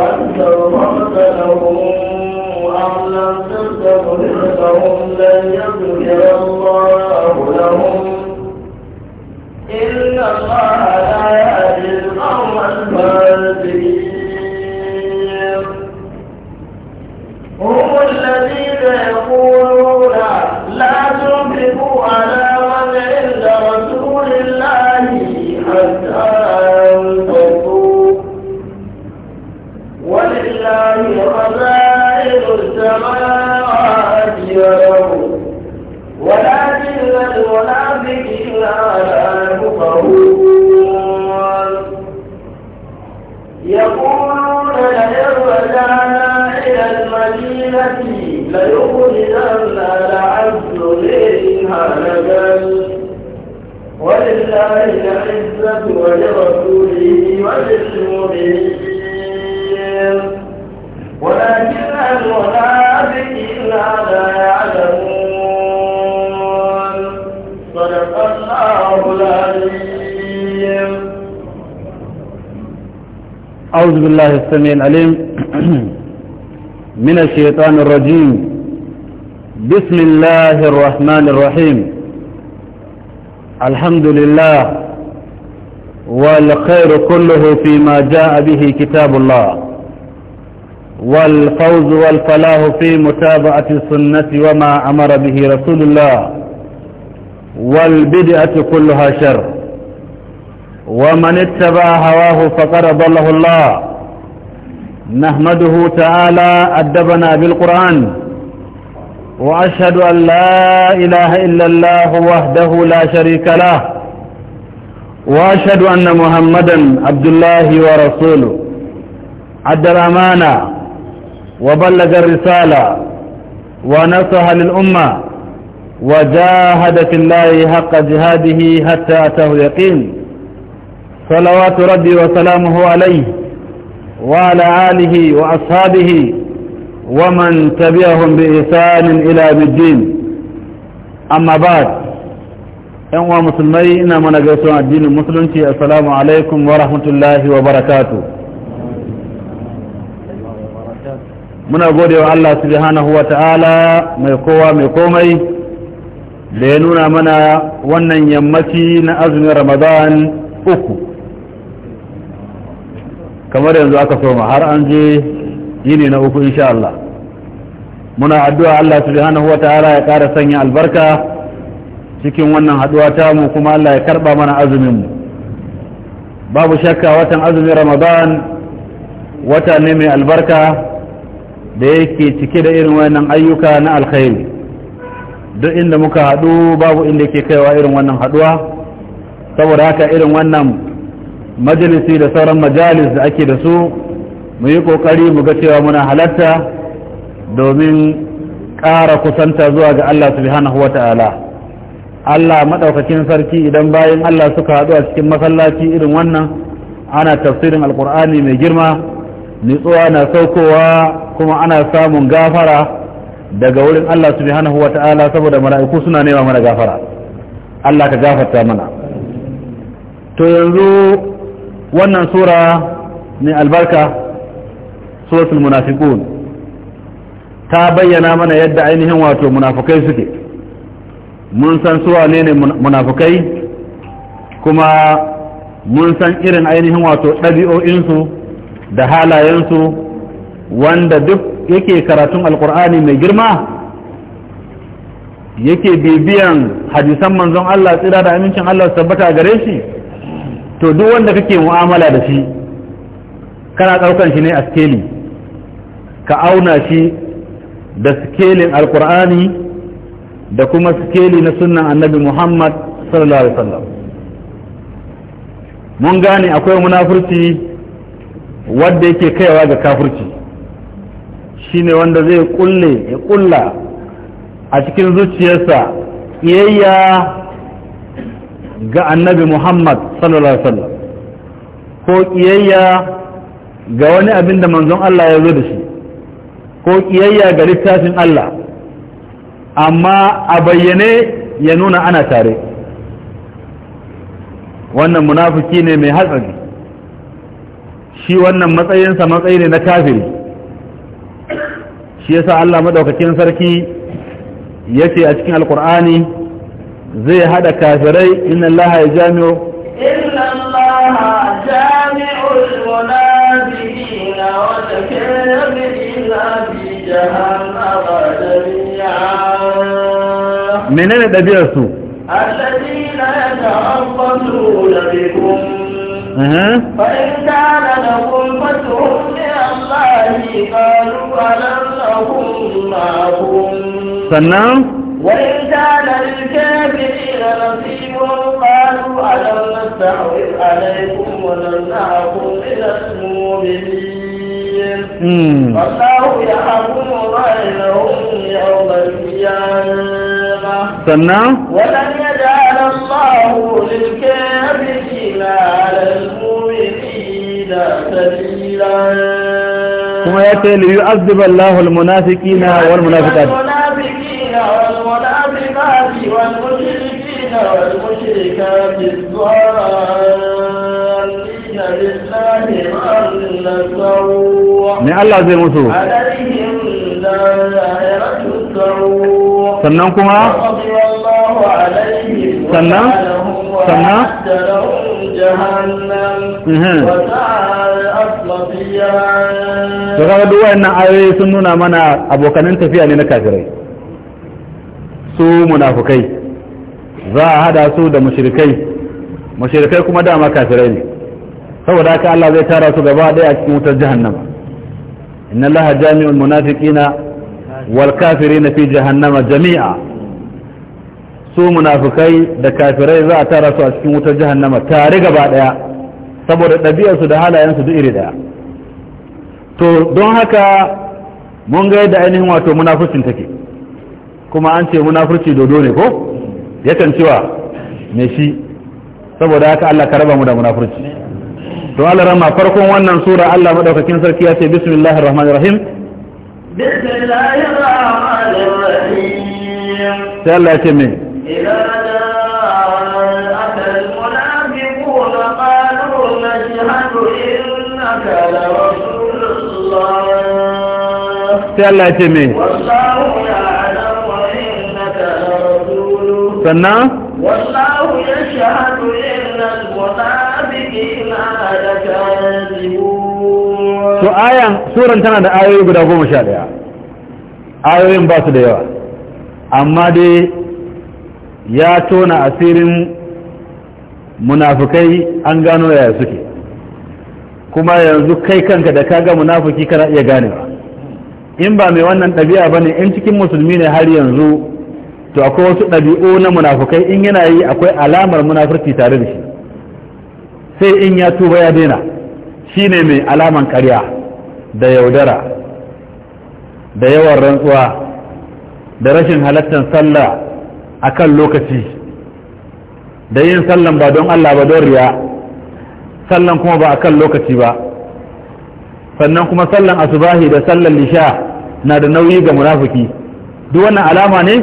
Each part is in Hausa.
أنت وضعت لهم أم لن يغفر الله لهم إن الله لا يهدي القوم الفاسقين ولرسوله وللمؤمنين ولكن المنافقين لا يعلمون صدق الله العظيم أعوذ بالله السميع العليم من الشيطان الرجيم بسم الله الرحمن الرحيم الحمد لله والخير كله فيما جاء به كتاب الله والفوز والفلاح في متابعة السنة وما أمر به رسول الله والبدعة كلها شر ومن اتبع هواه فقد ضله الله نحمده تعالى أدبنا بالقرآن وأشهد أن لا إله إلا الله وحده لا شريك له وأشهد أن محمدا عبد الله ورسوله ادى الأمانة وبلغ الرسالة ونصح للأمة وجاهد في الله حق جهاده حتى أتاه اليقين صلوات ربي وسلامه عليه وعلى آله وأصحابه ومن تبعهم بإحسان إلى الدين أما بعد yan uwa musulmai ina mana gaisuwa addinin musulunci assalamu alaikum wa rahmatullahi wa barakatu muna gode wa Allah subhanahu wa ta'ala mai kowa mai komai da ya nuna mana wannan yammaci na azumin ramadan uku kamar yanzu aka soma har an je yini na uku insha Allah muna addu'a Allah subhanahu wa ta'ala ya ƙara sanya albarka cikin wannan haduwa ta mu kuma Allah ya karba mana azumin mu babu shakka watan azumin Ramadan wata ne mai albarka da yake cike da irin wannan ayyuka na alkhairi duk inda muka hadu babu inda yake kaiwa irin wannan haduwa saboda haka irin wannan majalisi da sauran majalis da ake da su mu yi kokari mu ga cewa muna halatta domin ƙara kusanta zuwa ga Allah subhanahu wa ta'ala Allah madaukakin sarki idan bayan Allah suka haɗu a cikin masallaci irin wannan ana tafsirin alkur'ani mai girma nitsuwa na saukowa kuma ana samun gafara daga wurin Allah huwa ta'ala saboda mala'iku suna nema mana gafara Allah ka gafarta mana to yanzu wannan sura mai albarka suratul munafiqun ta bayyana mana yadda ainihin wato munafukai suke mun san suwa ne ne munafukai kuma mun san irin ainihin wato ɗabi'o'insu da halayensu wanda duk yake karatun alkur'ani mai girma yake bibiyan hadisan manzon Allah tsira da amincin Allah tabbata gare shi to duk wanda kake mu'amala da shi kana ɗaukan shi ne a skeli ka auna shi da skelin alkur'ani da kuma sikeli na sunnan annabi muhammad sallallahu alaihi wasallam mun gane akwai munafurci wadda yake kaiwa ga kafurci shine wanda zai kulle ya kulla a cikin zuciyarsa iyayya ga annabi muhammad sallallahu alaihi wasallam ko kiyayya ga wani abin da manzon Allah ya zo da shi ko kiyayya ga littafin Allah amma a bayyane ya nuna ana tare wannan munafiki ne mai hatsari shi wannan matsayinsa matsayi ne na kafiri shi yasa Allah madaukakin sarki ya ce a cikin alkur'ani zai hada kafirai inna Allah ya jamio inna Allah jami'ul munafiqina wal kafirina fi jahannam menene ɗabi'ar su sannan Wa in ta da ilke biri na nasibin ƙwaru a ɗan lantarki a laifin wannan na akwai ɗan mu biri. سنه ولن يجعل الله للكافرين على المؤمنين سبيلا ثم ياتي ليعذب الله المنافقين والمنافقات المنافقين والمنافقات والمشركين والمشركات الضالين ne Allah zai mutu sannan kuma sannan sannan da mhm. duk wayannan ayoyi sun nuna mana abokanin tafiya ne na kafirai su munafukai za a hada su da mashirikai mashirikai kuma dama kafirai ne saboda haka Allah zai tara su gaba ɗaya a cikin wutar jahannama inna Allah jami'ul munafiqina wal kafirina fi jahannama jami'a su munafikai da kafirai za a tara su a cikin wutar jahannama tare gaba ɗaya saboda ɗabi'arsu da halayensu duk iri ɗaya to don haka mun ga yadda ainihin wato munafurcin take kuma an ce munafurci dodo ne ko yakan cewa me shi saboda haka Allah ka raba mu da munafurci to alarama farkon wannan sura Allah madaukakin sarki ya ce bismillahir rahmanir rahim bismillahir rahmanir rahim sai Allah ya ce me sai Allah ya ce me sannan wallahu yashhadu innal to ayan suran tana da ayoyi guda goma sha daya ayoyin ba su da yawa amma dai ya tona asirin munafukai an gano yaya suke kuma yanzu kai kanka da kaga munafuki kana iya ganewa in ba mai wannan ɗabi'a ba ne in cikin musulmi ne har yanzu to akwai wasu ɗabi'u na munafukai in yana yi akwai alamar munafurci tare da shi sai in ya tuba ya daina shi ne mai alaman karya da yaudara da yawan rantsuwa da rashin halattar sallah a kan lokaci da yin sallan ba don Allah ba don riya sallan kuma ba a kan lokaci ba sannan kuma sallan asubahi da sallan lisha na da nauyi ga munafuki. duk wannan alama ne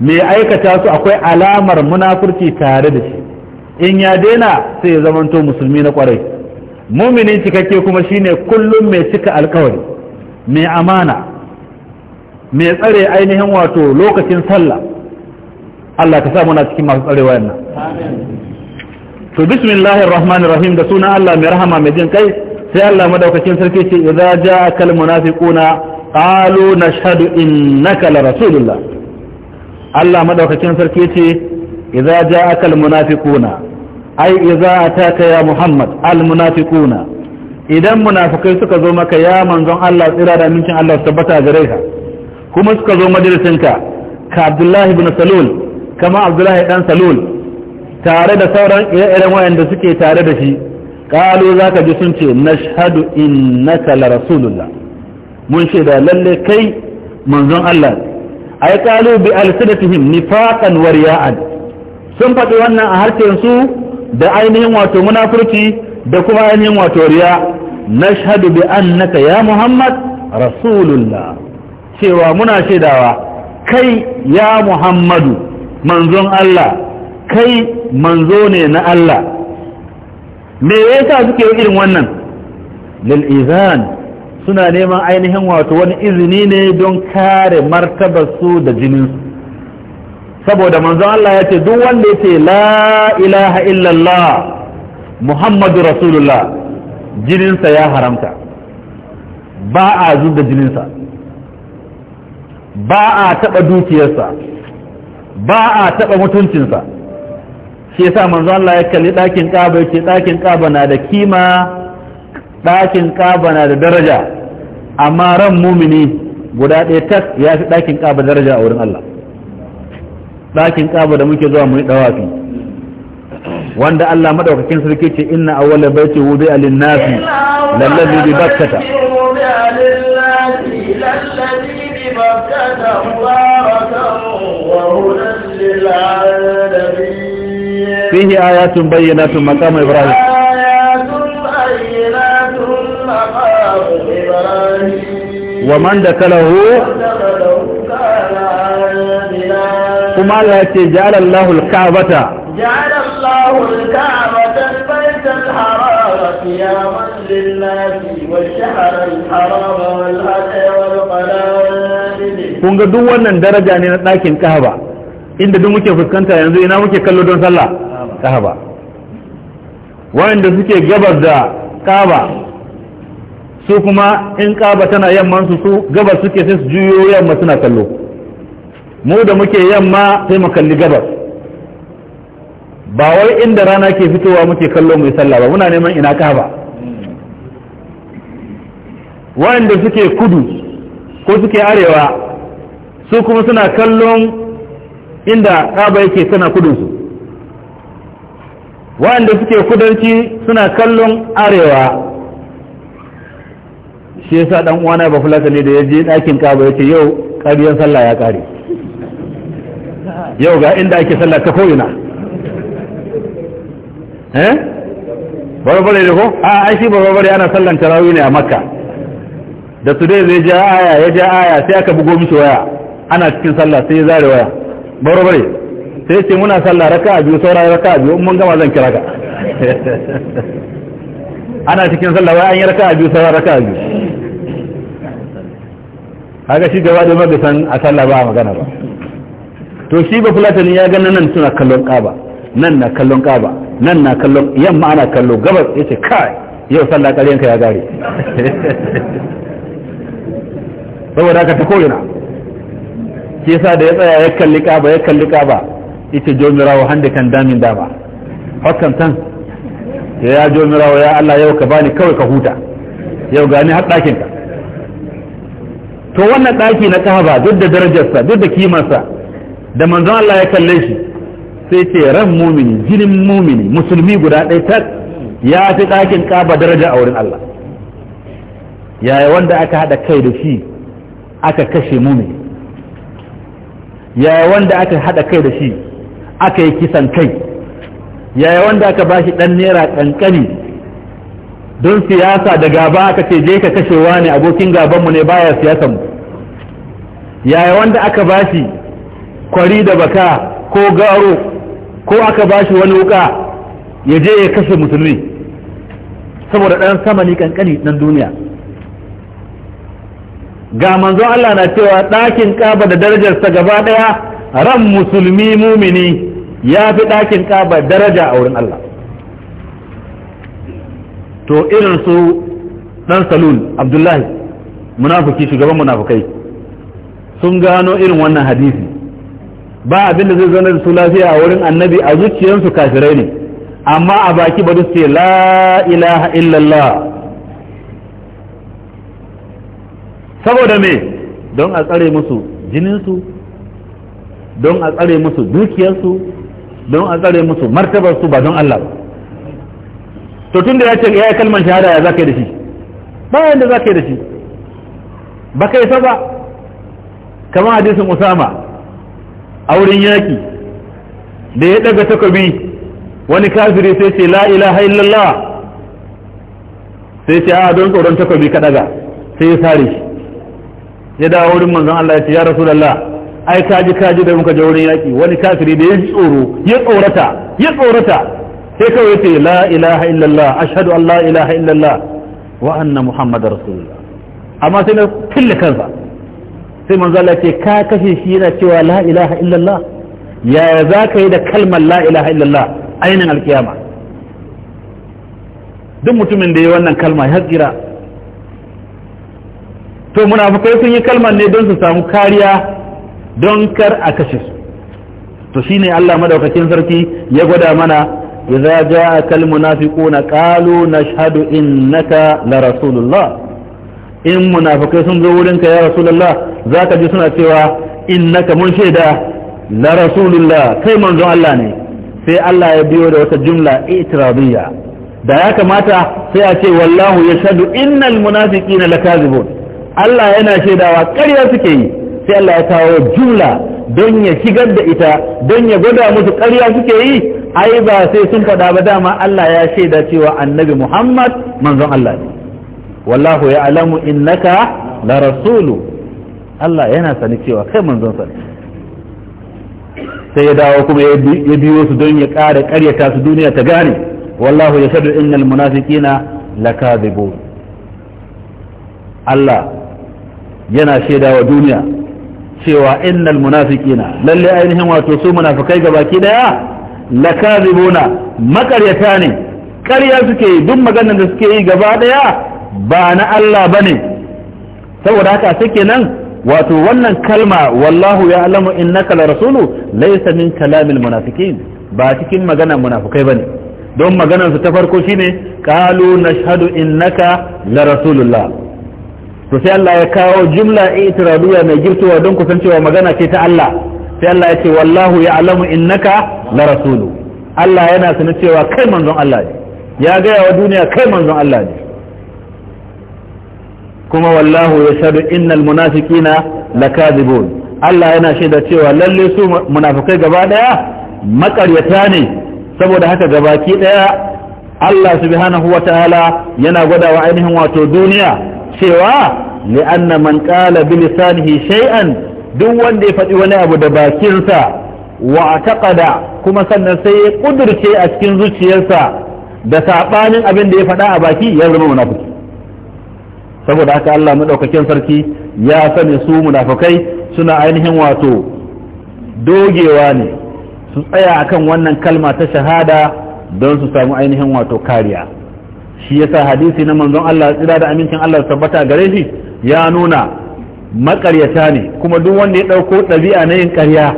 mai aikata su akwai alamar munafurci tare da shi in ya daina sai ya zamanto musulmi na kwarai muminin cikakke kuma shine kullum mai cika alkawari mai amana mai tsare ainihin wato lokacin sallah Allah ka sa muna cikin masu tsarewa yana to bismillahir rahmanir da sunan Allah mai rahama mai jin kai sai Allah madaukakin sarki ce idza ja'a kal munafiquna qalu nashhadu innaka la rasulullah Allah madaukakin sarki ce idza ja'a kal munafiquna ai idza ataka ya muhammad almunafiquna idan munafikai suka zo maka ya manzon Allah tsira da amincin Allah tabbata gare ka kuma suka zo majalisinka ka Abdullahi ibn Salul kama Abdullahi dan Salul tare da sauran ire-iren wayanda suke tare da shi kalu zaka ji sun ce nashhadu innaka la rasulullah mun ce da lalle kai manzon Allah ai kalu bi alsidatihim nifaqan wa riya'an sun faɗi wannan a harshen su da ainihin wato munafurci da kuma ainihin wato riya nashhadu bi annaka ya muhammad rasulullah cewa muna shaidawa kai ya muhammadu manzon Allah kai manzo ne na Allah me yasa suke irin wannan lil izan suna neman ainihin wato wani izini ne don kare martabar su da jininsu saboda manzon Allah ya ce duk wanda ya ce la ilaha illallah muhammadu rasulullah jininsa ya haramta ba a zuba jininsa ba a taɓa dukiyarsa ba a taɓa mutuncinsa shi yasa manzo Allah ya kalli ɗakin ƙaba yake ɗakin ƙaba na da kima ɗakin ƙaba na da daraja amma ran mumini guda ɗaya tak ya fi ɗakin ƙaba daraja a wurin Allah ɗakin ƙaba da muke zuwa mu yi dawafi wanda Allah madaukakin sarki ce inna awwala baiti wudi alin nasi lallabi bi bakkata fihi ayatun bayyanatun maqam ibrahim wa man dakalahu kuma Allah ya ce ja'ala Allahu al-Ka'bata ja'ala Allahu al-Ka'bata al-Bayt al-Haram qiyaman lin-nasi wash-shahr al-haram wal-hadi wal kun ga duk wannan daraja ne na ɗakin Kaaba inda duk muke fuskanta yanzu ina muke kallo don sallah Kaaba wanda suke gabar da Kaaba su kuma in Kaaba tana yamman su su gabar suke sai su juyo yamma suna kallo mu da muke yamma sai mu kalli gabas ba wai inda rana ke fitowa muke kallo mu sallah ba muna neman ina kaba wanda suke kudu ko suke arewa su kuma suna kallon inda kaba yake suna kudinsu wanda suke kudanci suna kallon arewa shi yasa dan uwana ba fulata ne da ya dakin ɗakin kaba ya ce yau ƙariyar sallah ya ƙare yau ga inda ake sallah ta ko'ina eh barbare da ko a aishi barbare ana sallan tarawih ne a makka da su dai zai ja aya ya ja aya sai aka bugo musu waya ana cikin sallah sai ya zare waya barbare sai ce muna sallah raka a biyu saura raka a biyu mun gama zan kira ka ana cikin sallah wai an yi raka a biyu saura raka a biyu haka shi gaba da magasan a sallah ba a magana ba to shi ba fulatani ya ganna nan suna kallon kaba nan na kallon kaba nan na kallon yamma ana kallo gabas yace kai yau sallah ka ya gare saboda haka ta koyina ke sa da ya tsaya ya kalli kaba ya kalli kaba ita jomirawa hande kan damin dama hakan tan ya jomirawa ya Allah yau ka bani kawai ka huta yau gani har ɗakinka to wannan ɗaki na kaba duk da darajarsa duk da kimarsa da manzon Allah ya kalle shi sai ce ran mumini jinin mumini musulmi guda ɗaya tak ya fi ɗakin kaba daraja a wurin Allah yaya wanda aka haɗa kai da shi aka kashe mumini yaya wanda aka haɗa kai da shi aka yi kisan kai yaya wanda aka ba shi ɗan naira ƙanƙani don siyasa da gaba aka ce je ka kashewa ne abokin gabanmu ne baya siyasanmu yaya wanda aka ba shi kwari da baka ko garo ko aka bashi wani wuka ya je ya kashe musulmi saboda ɗan sama ne kankani nan duniya ga manzon Allah na cewa ɗakin ƙaba da darajarsa gaba ɗaya ran musulmi mumini ya fi ɗakin ƙaba daraja a wurin Allah to irin su ɗan salul abdullahi munafuki shugaban munafukai sun gano irin wannan hadisi ba abin da zai zana da su lafiya a wurin annabi a zuciyarsu kafirai ne amma a baki ba su ce la ilaha illallah saboda me don a tsare musu jininsu don a tsare musu dukiyarsu don a tsare musu martabarsu ba don Allah ba to tun da ya ce ya yi kalmar shahada ya za ka yi da shi bayan da za ka yi da shi ba kai saba kamar hadisin usama auren yaki da ya daga takobi wani kafiri sai ce la ilaha illallah sai ce a don tsoron takobi ka daga sai ya sare shi ya dawo wurin manzon Allah ya ce ya rasulullah ai kaji kaji da muka je wurin yaki wani kafiri da ya ji tsoro ya tsorata ya tsorata sai kawai ya ce la ilaha illallah ashhadu an la ilaha illallah wa anna muhammadar rasulullah amma sai na kille kansa sai manzo Allah ce ka kashe shi yana cewa la ilaha illallah yaya za ka yi da kalmar la ilaha illallah ainihin alkiyama duk mutumin da ya wannan kalma ya tsira to munafukai sun yi kalmar ne don su samu kariya don kar a kashe su to shine Allah madaukakin sarki ya gwada mana idza ja'aka na shahadu in innaka la rasulullah in munafikai sun zo wurin ka ya rasulullah zaka ji suna cewa innaka mun shaida na rasulullah kai manzon Allah ne sai Allah ya biyo da wata jumla itiradiyya da ya kamata sai a ce wallahu yashhadu innal munafiqina lakazibun Allah yana shaidawa ƙarya suke yi sai Allah ya kawo jumla don ya shigar da ita don ya gwada musu ƙarya suke yi ai ba sai sun faɗa ba dama Allah ya shaida cewa annabi Muhammad manzon Allah ne wallahu ya alamu innaka la rasulu Allah yana sani cewa kai manzon sa sai ya dawo kuma ya biyo su don ya ƙara ƙaryata su duniya ta gane wallahu ya shaɗu innal munafiqina lakadibun Allah yana shaidawa duniya cewa innal munafiqina lalle ainihin wato su munafikai gabaki daya lakadibuna makaryata ne ƙarya suke yi duk maganar da suke yi gaba daya ba na Allah ba ne saboda haka suke nan wato wannan kalma wallahu ya alamu innaka la rasulu laysa min kalamil ba cikin magana ba bane don maganansu ta farko shine shahadu in naka la rasulullah to sai Allah ya kawo jumla itiradiya mai girtowa don kusancewa magana ce ta Allah sai Allah ya ce wallahu ya alamu naka la rasulu Allah yana sanin cewa kai manzon Allah ne ya gaya wa duniya kai manzon Allah ne kuma wallahu ya shaɗu innal munafiqina lakazibun Allah yana shaida cewa lalle su munafikai gaba daya makaryata ne saboda haka gabaki daya Allah subhanahu wataala yana gwada wa ainihin wato duniya cewa li'anna man qala bi lisanihi shay'an duk wanda ya faɗi wani abu da bakinsa wa taqada kuma sannan sai ya kudurce a cikin zuciyarsa da sabanin abin da ya faɗa a baki ya zama munafiki saboda haka Allah madaukakin sarki ya sani su munafikai suna ainihin wato dogewa ne su tsaya akan wannan kalma ta shahada don su samu ainihin wato kariya shi yasa hadisi na manzon Allah tsira da amincin Allah tabbata gare shi ya nuna makaryata ne kuma duk wanda ya ɗauko ɗabi'a na yin ƙarya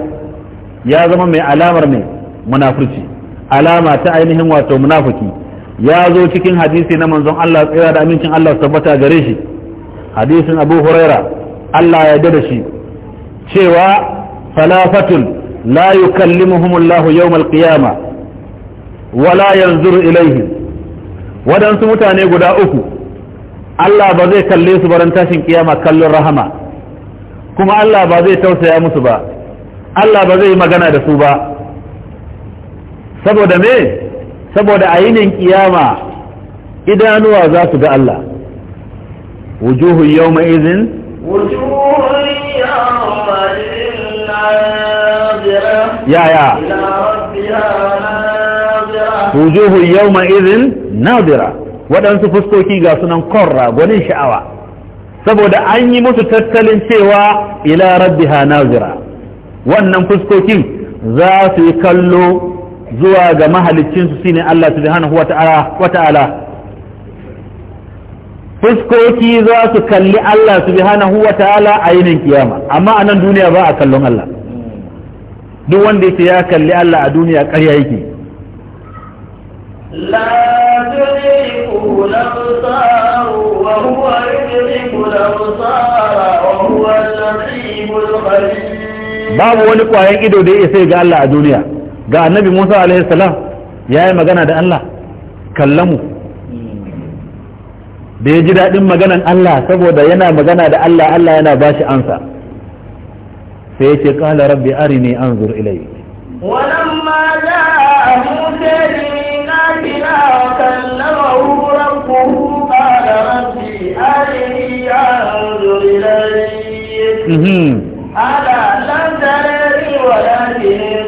ya zama mai alamar ne munafurci alama ta ainihin wato munafiki ya zo cikin hadisi na manzon Allah tsira da amincin Allah su tabbata gare shi hadisin Abu Huraira Allah ya yarda da shi cewa falafatun la yukallimuhum Allah yau al-qiyama wala yanzuru ilaihim wadansu mutane guda uku Allah ba zai kalle su baran tashin kiyama kallon rahama kuma Allah ba zai tausaya musu ba Allah ba zai magana da su ba saboda me saboda a yinin kiyama idanuwa za su ga Allah wujuhu yawma izin wujuhu yawma izin nadira waɗansu fuskoki ga sunan korra gwanin sha'awa saboda an yi musu tattalin cewa ila rabbiha nazira wannan fuskokin za su yi kallo zuwa ga mahaliccinsu shine Allah subhanahu wa ta'ala fuskoki za su kalli Allah subhanahu wa ta'ala a yinin kiyama amma a nan duniya ba a kallon Allah duk wanda yake ya kalli Allah a duniya ƙarya yake la wa huwa wa huwa al babu wani kwayan ido da ya isa ga Allah a duniya ga annabi musa alaihi salam ya yi magana da allah kallamu da ya ji daɗin maganan allah saboda yana magana da allah allah yana ba shi ansa sai ya ce ƙala rabbi arini anzur ilai ولما جاء موسى بميقاتنا وكلمه ربه قال ربي أرني أنظر إليك قال لم ترني ولكن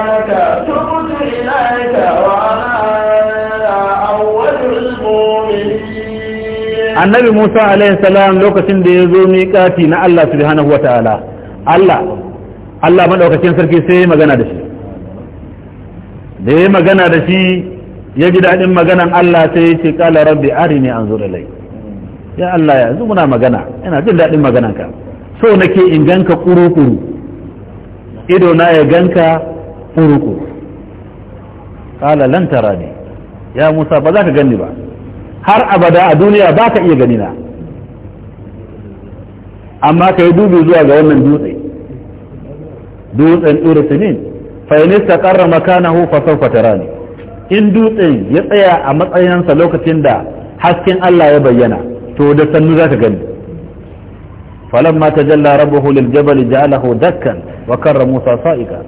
annabi musa alaihi salam lokacin da ya zo miƙati na allah subhanahu wa ta'ala allah allah maɗaukakin sarki sai ya magana da shi da ya magana da shi ya ji daɗin maganan allah sai ya ce ƙala rabbi arini an zo lai ya allah ya yanzu muna magana ina jin daɗin maganan ka so nake in ganka kuru-kuru ido na ya ganka kuru-kuru ƙala lan ne ya musa ba za ka ganni ba har abada a duniya ba ka iya ganina amma ka yi dubi zuwa ga wannan dutse dutsen ɗura sinin fa'inista ƙarra makanahu fasaufa tarani in dutsen ya tsaya a matsayinsa lokacin da hasken Allah ya bayyana to da sannu za ka gani falamma tajalla rabbuhu lil jabal ja'alahu dakkan wa karra musa sa'ika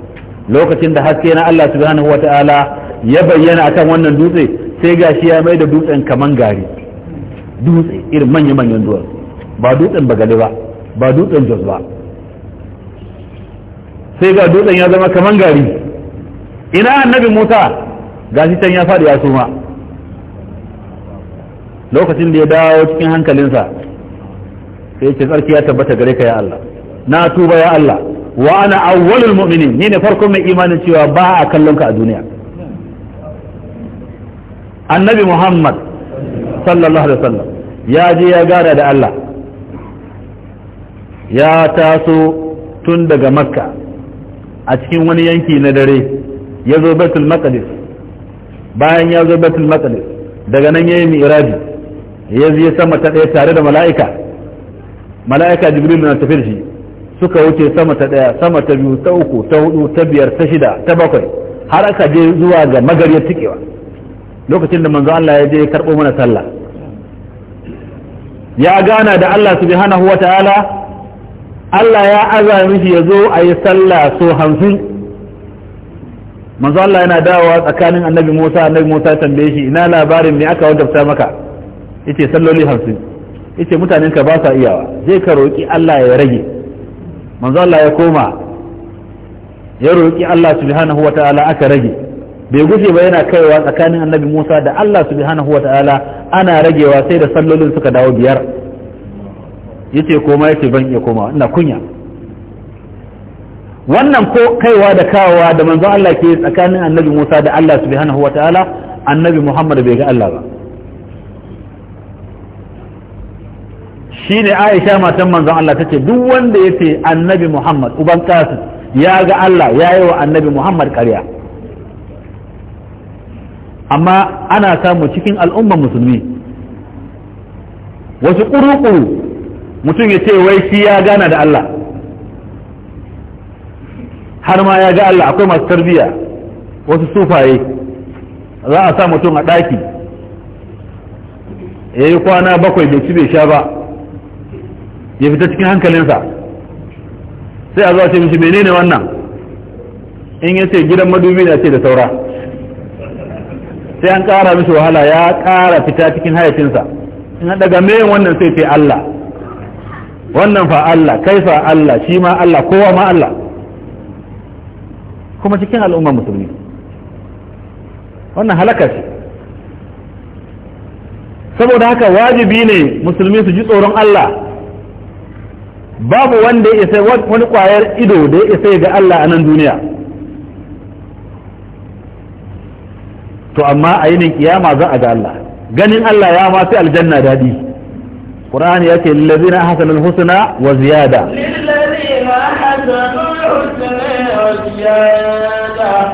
lokacin da haske na Allah subhanahu ta'ala ya bayyana akan wannan dutse sai gashi ya mai da dutsen kaman gari dutse irin manya-manyan duwar ba dutsen bagale ba ba dutsen jos ba sai ga dutsen ya zama kaman gari ina annabi musa gashi can ya faɗi ya suma lokacin da ya dawo cikin hankalinsa sai ce tsarki ya tabbata gare ka ya Allah na tuba ya Allah wa ana awwalul mu'minin ni ne farkon mai imanin cewa ba a kallon ka a duniya annabi muhammad sallallahu alaihi wasallam ya je ya gara da Allah ya taso tun daga makka a cikin wani yanki na dare ya zo betul maqdis bayan ya zo betul maqdis daga nan ya yi mi'raji ya je sama ta ɗaya tare da mala'ika mala'ika jibril na tafiyar shi suka wuce sama ta ɗaya sama ta biyu ta uku ta hudu ta biyar ta shida ta bakwai har aka je zuwa ga magariyar tikewa lokacin da manzo Allah ya je ya karbo mana sallah ya gana da Allah subhanahu wa ta'ala Allah ya azami shi ya zo a yi sallah so hamsin manzo Allah yana dawowa tsakanin annabi Musa annabi Musa ya tambaye shi ina labarin me aka wadafta maka yace salloli hamsin yace mutanen ka ba sa iyawa je ka roki Allah ya rage manzo Allah ya koma ya roki Allah subhanahu wa ta'ala aka rage bai guje ba yana kaiwa tsakanin annabi Musa da Allah subhanahu wa ta'ala ana ragewa sai da sallolin suka dawo biyar yace koma yace ban iya koma ina kunya wannan ko kaiwa da kawowa da manzon Allah ke tsakanin annabi Musa da Allah subhanahu wa ta'ala annabi Muhammad bai ga Allah ba shine Aisha matan manzon Allah tace duk wanda yace annabi Muhammad uban kasu ya ga Allah ya yi wa annabi Muhammad ƙarya amma ana samu cikin al'umman musulmi wasu ƙuruƙu mutum ya ce wai shi ya gana da Allah har ma ya ga Allah akwai masu tarbiyya wasu sufaye za a sa mutum a ɗaki ya yi kwana bakwai bai ci bai sha ba ya fita cikin hankalinsa sai a zuwa ce mishi menene wannan in ya ce gidan madubi na ce da saura sai an ƙara mishi wahala ya ƙara fita cikin hayacinsa in ga meyin wannan sai ce Allah wannan fa Allah kai fa Allah shi ma Allah kowa ma Allah kuma cikin al'ummar musulmi wannan halaka ce saboda haka wajibi ne musulmi su ji tsoron Allah babu wanda ya isa wani kwayar ido da ya isa ga Allah a nan duniya to amma a yinin kiyama za a ga Allah ganin Allah ya ma sai aljanna dadi Qur'ani yake lillazina hasanul husna wa ziyada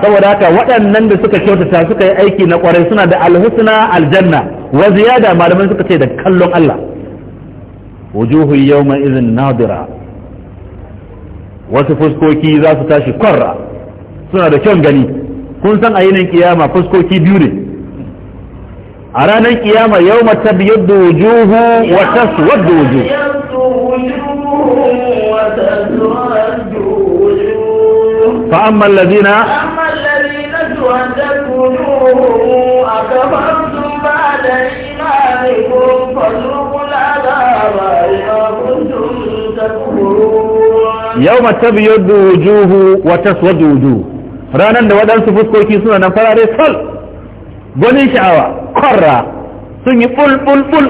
saboda haka waɗannan da suka kyautata suka yi aiki na ƙwarai suna da alhusna aljanna wa ziyada malaman suka ce da kallon Allah wujuhu yawma idhin nadira wasu fuskoki za su tashi kwarra suna da kyan gani kun san a yinin kiyama fuskoki biyu ne a ranar kiyama yau mata biyar da wujuhu wata suwar da wujuhu فأما الذين فأما الذين تهدت وجوههم أكفرتم بعد إيمانكم فذوقوا العذاب بما كنتم تكفرون يوم تبيض وجوه وتسود وجوه ranar da waɗansu fuskoki suna nan farare sol gwanin sha'awa kwarra sun yi bulbulbul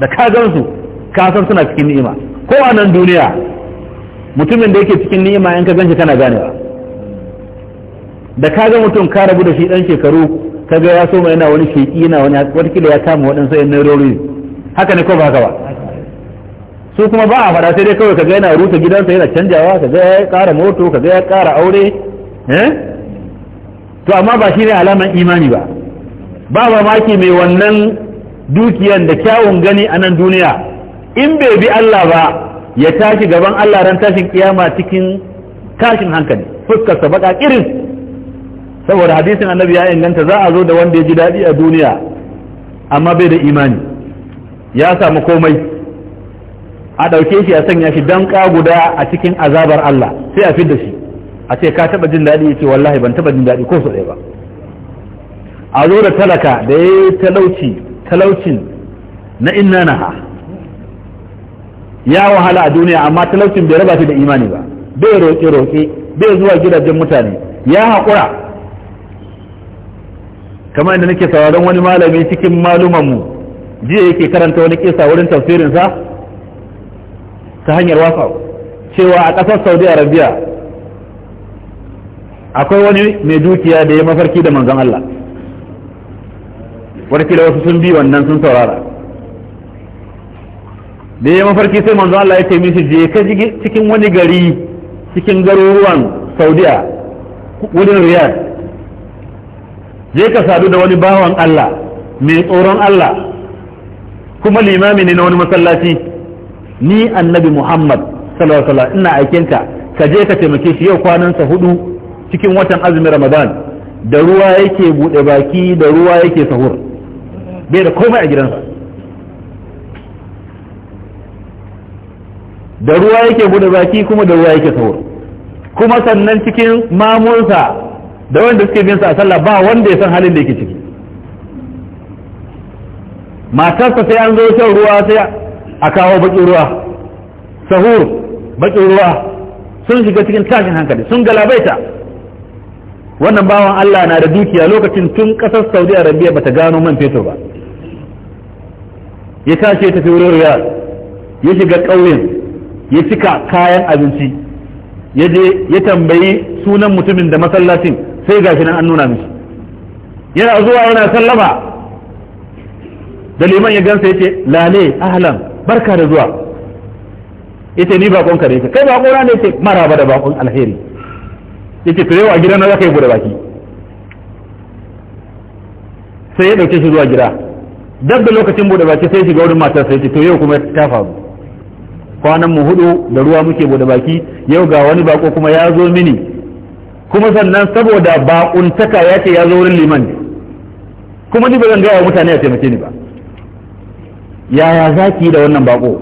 da kagansu kasan suna cikin ni'ima ko a nan duniya mutumin da yake cikin ni'ima in ka ganshi kana ganewa da ka ga mutum ka rabu da shi dan shekaru ka ga ya soma yana wani sheki yana wani watakila ya kama waɗansu yan nerori haka ne ko ba haka ba su kuma ba a faɗa sai dai kawai ka ga yana rusa gidansa yana canjawa ka ga ya ƙara moto ka ga ya ƙara aure Eh? to amma ba shi ne alaman imani ba ba mamaki mai wannan dukiyan da kyawun gani a nan duniya in bai bi Allah ba ya tashi gaban Allah ran tashin kiyama cikin tashin hankali fuskarsa baka irin saboda hadisin annabi ya inganta za a zo da wanda ya ji daɗi a duniya amma bai da imani ya samu komai a ɗauke shi a sanya shi dan guda a cikin azabar Allah sai a fidda shi a ce ka taba jin daɗi ya ce wallahi ban taba jin daɗi ko su ɗaya ba a zo da talaka da ya yi talauci talaucin na inna ha ya wahala a duniya amma talaucin bai raba shi da imani ba bai roƙe roƙe bai zuwa gidajen mutane ya haƙura kamar inda nake sauraron wani malami cikin malumanmu jiya yake karanta wani kisa wurin tafsirinsa ta hanyar wasa cewa a ƙasar saudi arabia akwai wani mai dukiya da ya mafarki da manzon Allah warki da wasu sun bi wannan sun saurara da ya mafarki sai manzon Allah ya ce mishi je ka cikin wani gari cikin garuruwan Saudiya wurin Riyadh je ka sadu da wani bawan Allah mai tsoron Allah kuma limami ne na wani masallaci ni annabi Muhammad sallallahu alaihi wasallam ina aikinka ka je ka taimake shi yau kwanansa hudu cikin watan azumi ramadan da ruwa yake buɗe baki da ruwa yake sahur bai da komai a gidansa da ruwa yake buɗe baki kuma da ruwa yake sahur kuma sannan cikin mamunsa da wanda suke bin sa a sallah ba wanda ya san halin da yake ciki matarsa sai an zo shan ruwa sai a kawo baƙin ruwa sahur baƙin ruwa sun shiga cikin tashin hankali sun galabaita wannan bawan Allah na da dukiya lokacin tun kasar Saudi Arabia bata gano man fetur ba ya tashi ya tafi wurin riyal ya shiga ƙauyen ya cika kayan abinci ya je ya tambayi sunan mutumin da masallacin sai gashi nan an nuna mishi yana zuwa yana sallama da liman ya gansa yace lale ahlan barka da zuwa ita ni bakon ka kai bakon ne ce maraba da bakon alheri yake tare yau a gida na za ka yi baki sai ya ɗauke shi zuwa gida dab da lokacin bude baki sai shiga wurin matar sai ce to yau kuma ta faru kwanan mu hudu da ruwa muke bude baki yau ga wani bako kuma ya zo mini kuma sannan saboda bakuntaka ya ce ya zo wurin liman kuma ni ba zan gaya wa mutane a taimake ni ba yaya za ki yi da wannan bako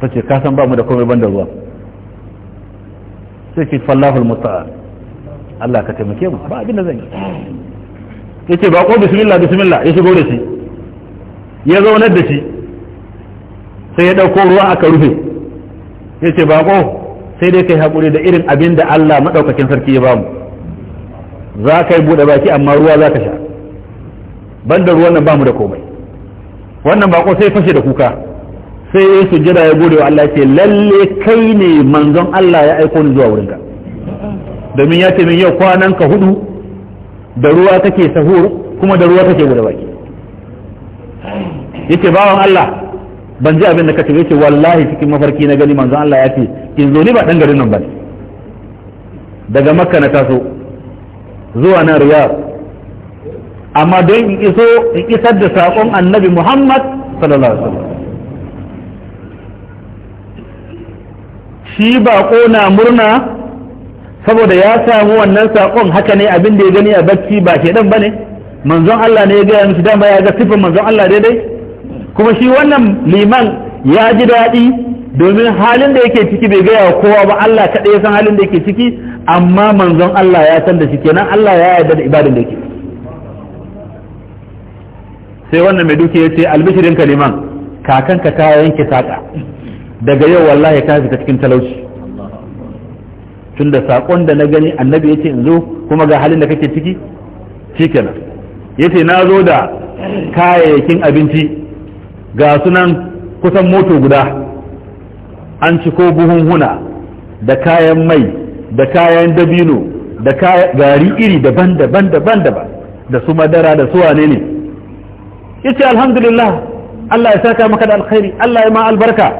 ta ce ka san ba mu da komai ban da ruwa sai ce fallahul musta'an Allah ka taimake mu ba abin da zan yi yace ba ko bismillah bismillah ya shigo da shi ya zaunar da shi sai ya dauko ruwa aka rufe yace ba ko sai dai kai hakuri da irin abin da Allah madaukakin sarki ya bamu za ka yi bude baki amma ruwa za ka sha banda ruwan nan bamu da komai wannan bako sai fashe da kuka sai ya jira ya gode wa Allah ce lalle kai ne manzon Allah ya aiko ni zuwa wurinka domin ya ce min yau kwanan ka hudu da ruwa kake sahur kuma da ruwa kake guda baki yace bawan Allah ban ji abin da kace yace wallahi cikin mafarki na gani manzon Allah ya ce in zo ni ba dan garin nan ba daga makka na taso zuwa nan riyar amma don in iso in isar da sakon annabi muhammad sallallahu alaihi wasallam shi baƙo na murna saboda ya samu wannan sakon haka ne abin da ya gani a bacci ba ke dan bane manzon Allah ne ya gaya mishi dama ya ga sifin manzon Allah daidai kuma shi wannan liman ya ji daɗi domin halin da yake ciki bai gaya wa kowa ba Allah kaɗai ya san halin da yake ciki amma manzon Allah ya san da shi kenan Allah ya yarda da ibadin da yake sai wannan mai duki ya ce albishirin kaliman kakanka ta yanke saƙa daga yau wallahi ka fita cikin talauci tun da saƙon da na gani annabi ya ce in zo kuma ga halin da kake ciki shi kenan ya ce na zo da kayayyakin abinci ga sunan kusan moto guda an ciko buhunhuna da kayan mai da kayan dabino da gari iri daban-daban daban-daban da su madara da su wane ne ya ce alhamdulillah Allah ya saka maka da alkhairi Allah ya ma albarka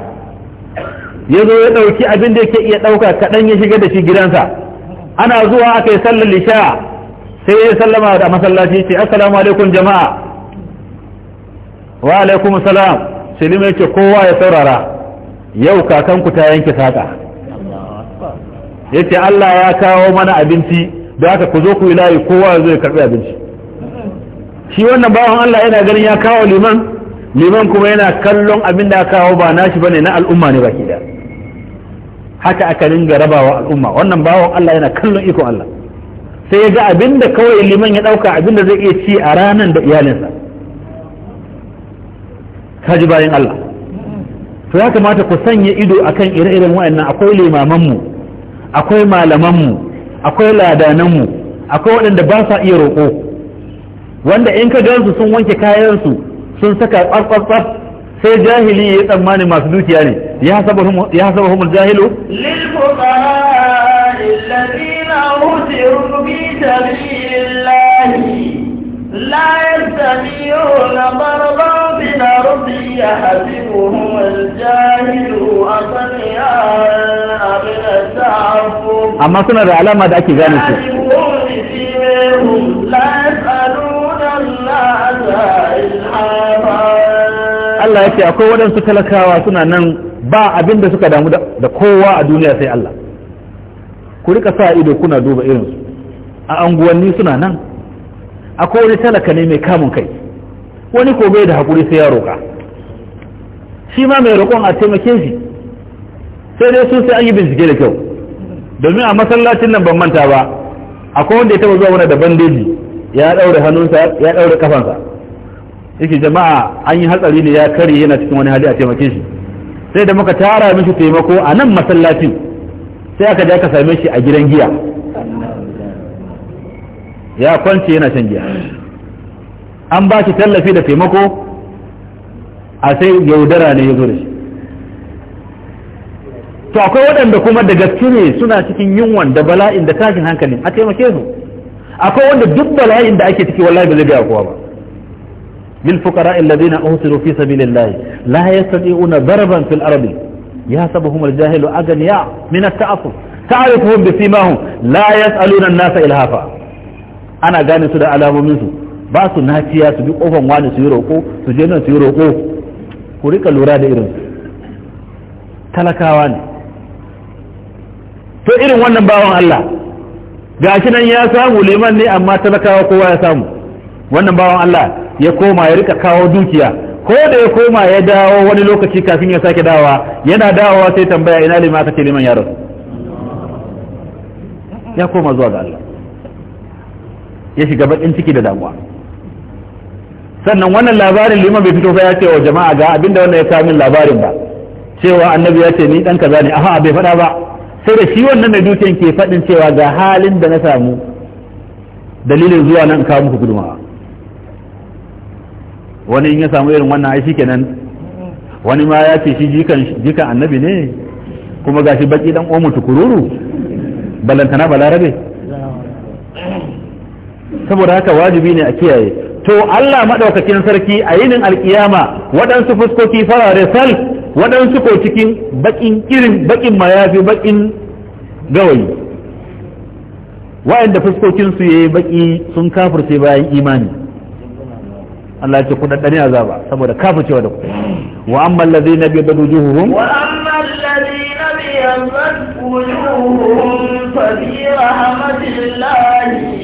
ya zo ya ɗauki abin da yake iya ɗauka kaɗan ya shiga da shi gidansa ana zuwa aka yi sallar lisha sai ya sallama da masallaci ce assalamu alaikum jama'a wa alaikum salam silima yake kowa ya saurara yau kakan ku ta yanke saƙa yace Allah ya kawo mana abinci da aka ku zo ku yi layi kowa ya zo ya karɓi abinci shi wannan bawan Allah yana ganin ya kawo liman liman kuma yana kallon abin da kawo ba nashi bane na al'umma ne baki da haka aka ringa rabawa al'umma wannan bawan Allah yana kallon iko Allah sai ya ga abinda kawai liman ya dauka abinda zai iya ci a ranan da iyalinsa kaji bayan Allah to ya kamata ku sanya ido akan ire-iren wa'annan akwai limamanmu akwai malamanmu akwai ladananmu akwai waɗanda ba sa iya roƙo wanda in ka gansu sun wanke kayansu sun saka tsaf sai jahili ya tsammani masu dukiya ne ya saba humul jahilu amma suna da alama da ake gane su la yas'aluna Allah Allah yake akwai waɗansu talakawa suna nan ba abin da suka damu da kowa a duniya sai Allah ku rika sa ido kuna duba irinsu a anguwanni suna nan akwai wani talaka ne mai kamun kai wani ko bai da hakuri sai ya roƙa shi ma mai roƙon a taimake shi sai dai su sai an yi bincike da kyau domin a masallacin nan ban manta ba akwai wanda ya taba zuwa wani da bandeji ya ɗaure hannunsa ya ɗaure kafansa yake jama'a an yi hatsari ne ya kare yana cikin wani hali a taimake shi sai da muka tara mishi taimako a nan masallacin sai aka je aka same shi a gidan giya ya kwance yana shan giya an ba shi tallafi da taimako a sai yaudara ne ya zo da shi to akwai waɗanda kuma da gaske ne suna cikin yunwan da bala'in da tashin hankalin a taimake su akwai wanda duk bala'in da ake ciki wallahi ba zai gaya kowa ba للفقراء الذين أهسروا في سبيل الله لا يستطيعون ضربا في الأرض يحسبهم الجاهل أغنياء من التعفف تعرفهم بسيماهم لا يسألون الناس إلهافا أنا gane su da alamominsu ba su naciya su bi kofan wani su yi roƙo su je nan su yi roƙo ku rika lura da irin talakawa to irin wannan bawan Allah gashi nan ya samu liman ne amma talakawa kowa ya samu wannan bawan Allah ya koma ya rika kawo dukiya ko da ya koma ya dawo wani lokaci kafin ya sake dawa yana dawowa sai tambaya ina lima aka ce liman yaro ya koma zuwa ga Allah ya shiga bakin ciki da damuwa sannan wannan labarin liman bai fito ba ya ce wa jama'a ga abinda wannan ya kawo min labarin ba cewa annabi ya ce ni dan kaza ne aha bai faɗa ba sai da shi wannan mai dukiyan ke faɗin cewa ga halin da na samu dalilin zuwa nan kawo muku gudumawa wani in ya samu irin wannan ai kenan wani ma ya ce shi jikan jikan annabi ne kuma gashi baki dan omu tukururu balantana balarabe saboda haka wajibi ne a kiyaye to Allah madaukakin sarki a yinin alkiyama waɗansu fuskoki farare sal waɗansu ko cikin bakin irin bakin mayafi bakin gawayi wa'anda fuskokin su yayi baki sun kafirce bayan imani Allah ya ce ku daddane azaba saboda kafircewa da ku wa amma allazina bi wujuhuhum wa amma allazina bi wujuhuhum fa bi rahmatillahi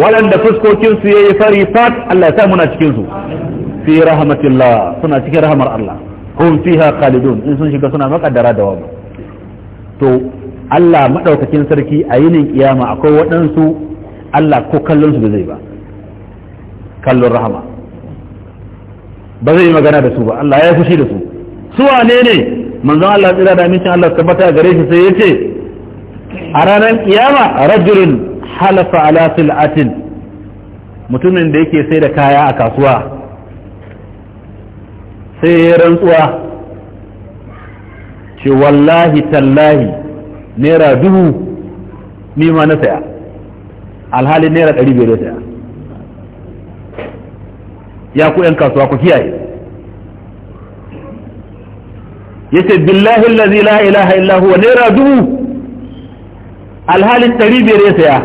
hum fuskokin su yayi fari fat Allah ya sa muna cikin su fi rahmatillah suna cikin rahmar Allah hum fiha khalidun in sun shiga suna makaddara da wani to Allah madaukakin sarki a yinin kiyama akwai waɗansu Allah ko kallon su ba zai ba kallon rahama ba zai yi magana da su ba Allah ya fushi da su su wane ne manzon Allah tsira da amincin Allah tabbata gare shi sai ya ce a ranar kiyama rajulun halafa ala sil'atin mutumin da yake sai da kaya a kasuwa sai ya rantsuwa ce wallahi tallahi naira dubu nima na saya alhali naira ɗari biyar saya ya ku yan kasuwa ku kiyaye yace billahi allazi la ilaha illa huwa naira dubu alhalin ɗari biyar ya saya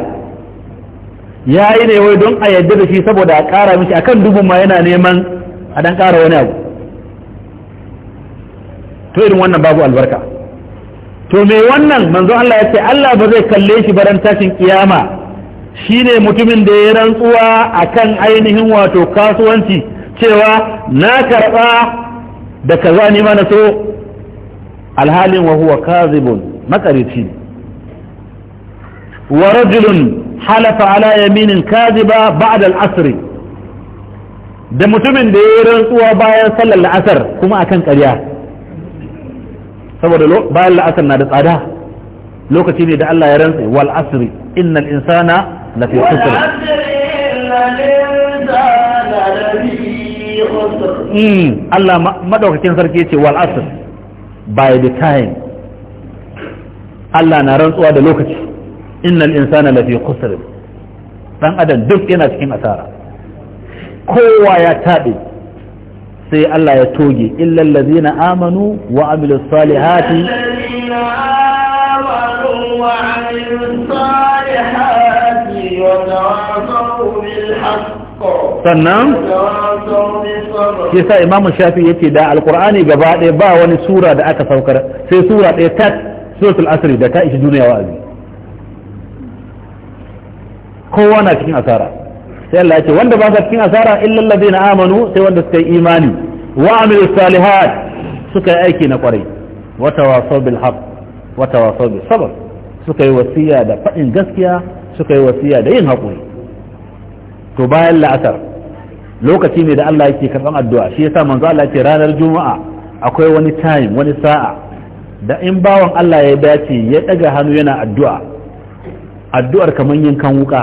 ya yi ne wai don a yadda da shi saboda a ƙara mishi akan dubun ma yana neman a ɗan ƙara wani abu to irin wannan babu albarka to me wannan manzo Allah ya ce Allah ba zai kalle shi baran tashin kiyama Shi ne mutumin da ya rantsuwa a kan ainihin wato kasuwanci cewa na karɓa da kaza ni ma na so alhalin wa huwa kazibun makarici wa rajulun halafa ala yaminin kaziba ba'da al-asr da mutumin da ya rantsuwa bayan sallar la'asar kuma akan karya. saboda bayan la'asar na da tsada lokaci ne da Allah ya rantsa wal innan innal insana لفي خسر Allah madaukakin sarki ce wal asr by the time Allah na rantsuwa da lokaci innal insana lafi khusr dan adam duk yana cikin asara kowa ya tabe sai Allah ya toge illal ladzina amanu wa amilus salihati sannan ya sa imamu shafi ya ce da alkur'ani gaba ɗaya ba wani sura da aka saukar sai sura ɗaya ta suratul asiri da ta ishi duniya wa'azi kowa na cikin asara sai Allah ya ce wanda ba sa cikin asara illal ladina amanu sai wanda suka yi imani wa amilus salihat suka yi aiki na kwarai wa tawasaw bil haqq wa tawasaw bis sabr suka yi wasiya da faɗin gaskiya suka yi wasiya da yin haƙuri to bayan la'asar lokaci ne da Allah yake karɓan addu'a shi yasa manzo Allah ce ranar juma'a akwai wani time wani sa'a da in bawan Allah ya dace ya daga hannu yana addu'a addu'ar kamar kan wuka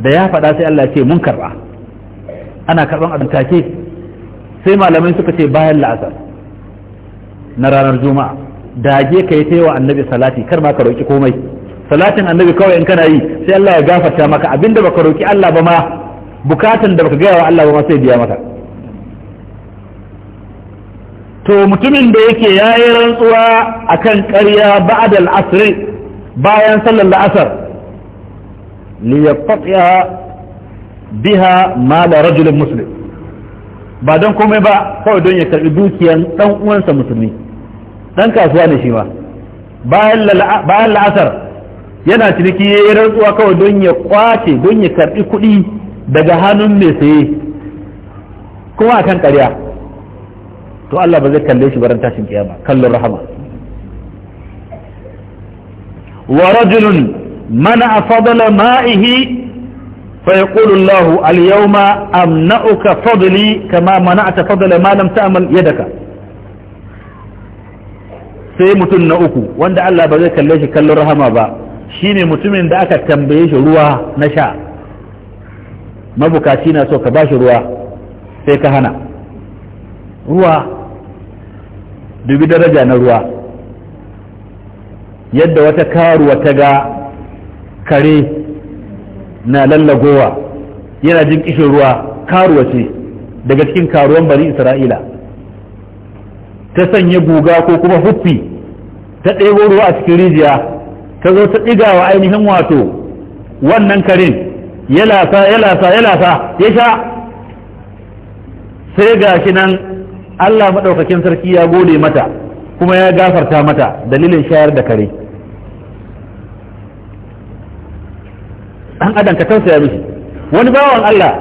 da ya faɗa sai Allah ce mun karɓa ana karɓan addu'a take sai malamai suka ce bayan la'asar na ranar juma'a da je ka yi taiwa annabi salati kar ma ka roki komai salatin annabi kawai in kana yi sai Allah ya gafarta maka abinda baka roki Allah ba ma bukatan da baka gaya wa Allah ba ma sai biya maka to mutumin da yake yayi rantsuwa akan ƙarya ba'da al-asr bayan sallar al-asr li yaqta'a biha mal rajul muslim ba don komai ba kawai don ya karbi dukiyan dan uwansa musulmi dan kasuwa ne shi ba bayan la'asar yana ciniki ya yi rantsuwa kawai don ya kwace don ya karbi kuɗi daga hannun mai saye kuma akan ƙarya to Allah ba zai kalle shi baran tashin kiyama kallon rahama wa rajulun mana fadala ma'ihi فيقول الله اليوم أمنعك فضلي كما منعت فضل ما لم تعمل يدك sai mutum na uku wanda Allah ba zai kalle shi kallon rahama ba shine mutumin da aka tambaye shi ruwa na sha mabukaci na so ka bashi ruwa sai ka hana ruwa dubi daraja na ruwa yadda wata karuwa ta ga kare na lallagowa yana jin kishin ruwa karuwa ce daga cikin karuwan bari isra'ila ta sanya guga ko kuma huffi ta ɗebo ruwa a cikin rijiya ta zo ta ɗiga wa ainihin wato wannan karin ya lasa ya lasa ya lasa ya sha sai ga shi nan Allah maɗaukakin sarki ya gode mata kuma ya gafarta mata dalilin shayar da kare an adam ka tausaya mishi wani bawan Allah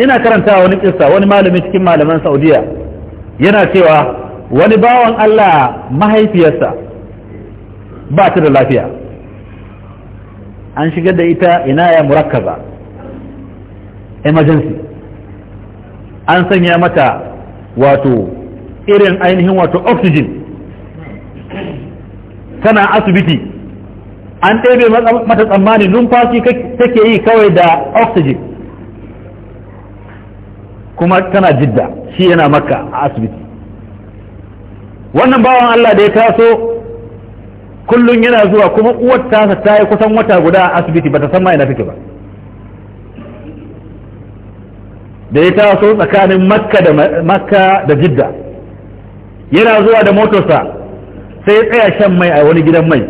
ina karanta wani kissa wani malami cikin malaman Saudiya yana cewa wani bawan Allah mahaifiyarsa ba ta da lafiya an shigar da ita ina ya murakkaza emergency an sanya mata wato irin ainihin wato oxygen tana asibiti an ɗebe mata tsammani numfashi take yi kawai da oxygen kuma tana jidda shi yana makka a asibiti wannan bawan Allah da ya taso kullum yana zuwa kuma uwar tasa ta yi kusan wata guda a asibiti ba ta san ma ina take ba da ya taso tsakanin makka da jidda yana zuwa da motarsa sai ya tsaya shan mai a wani gidan mai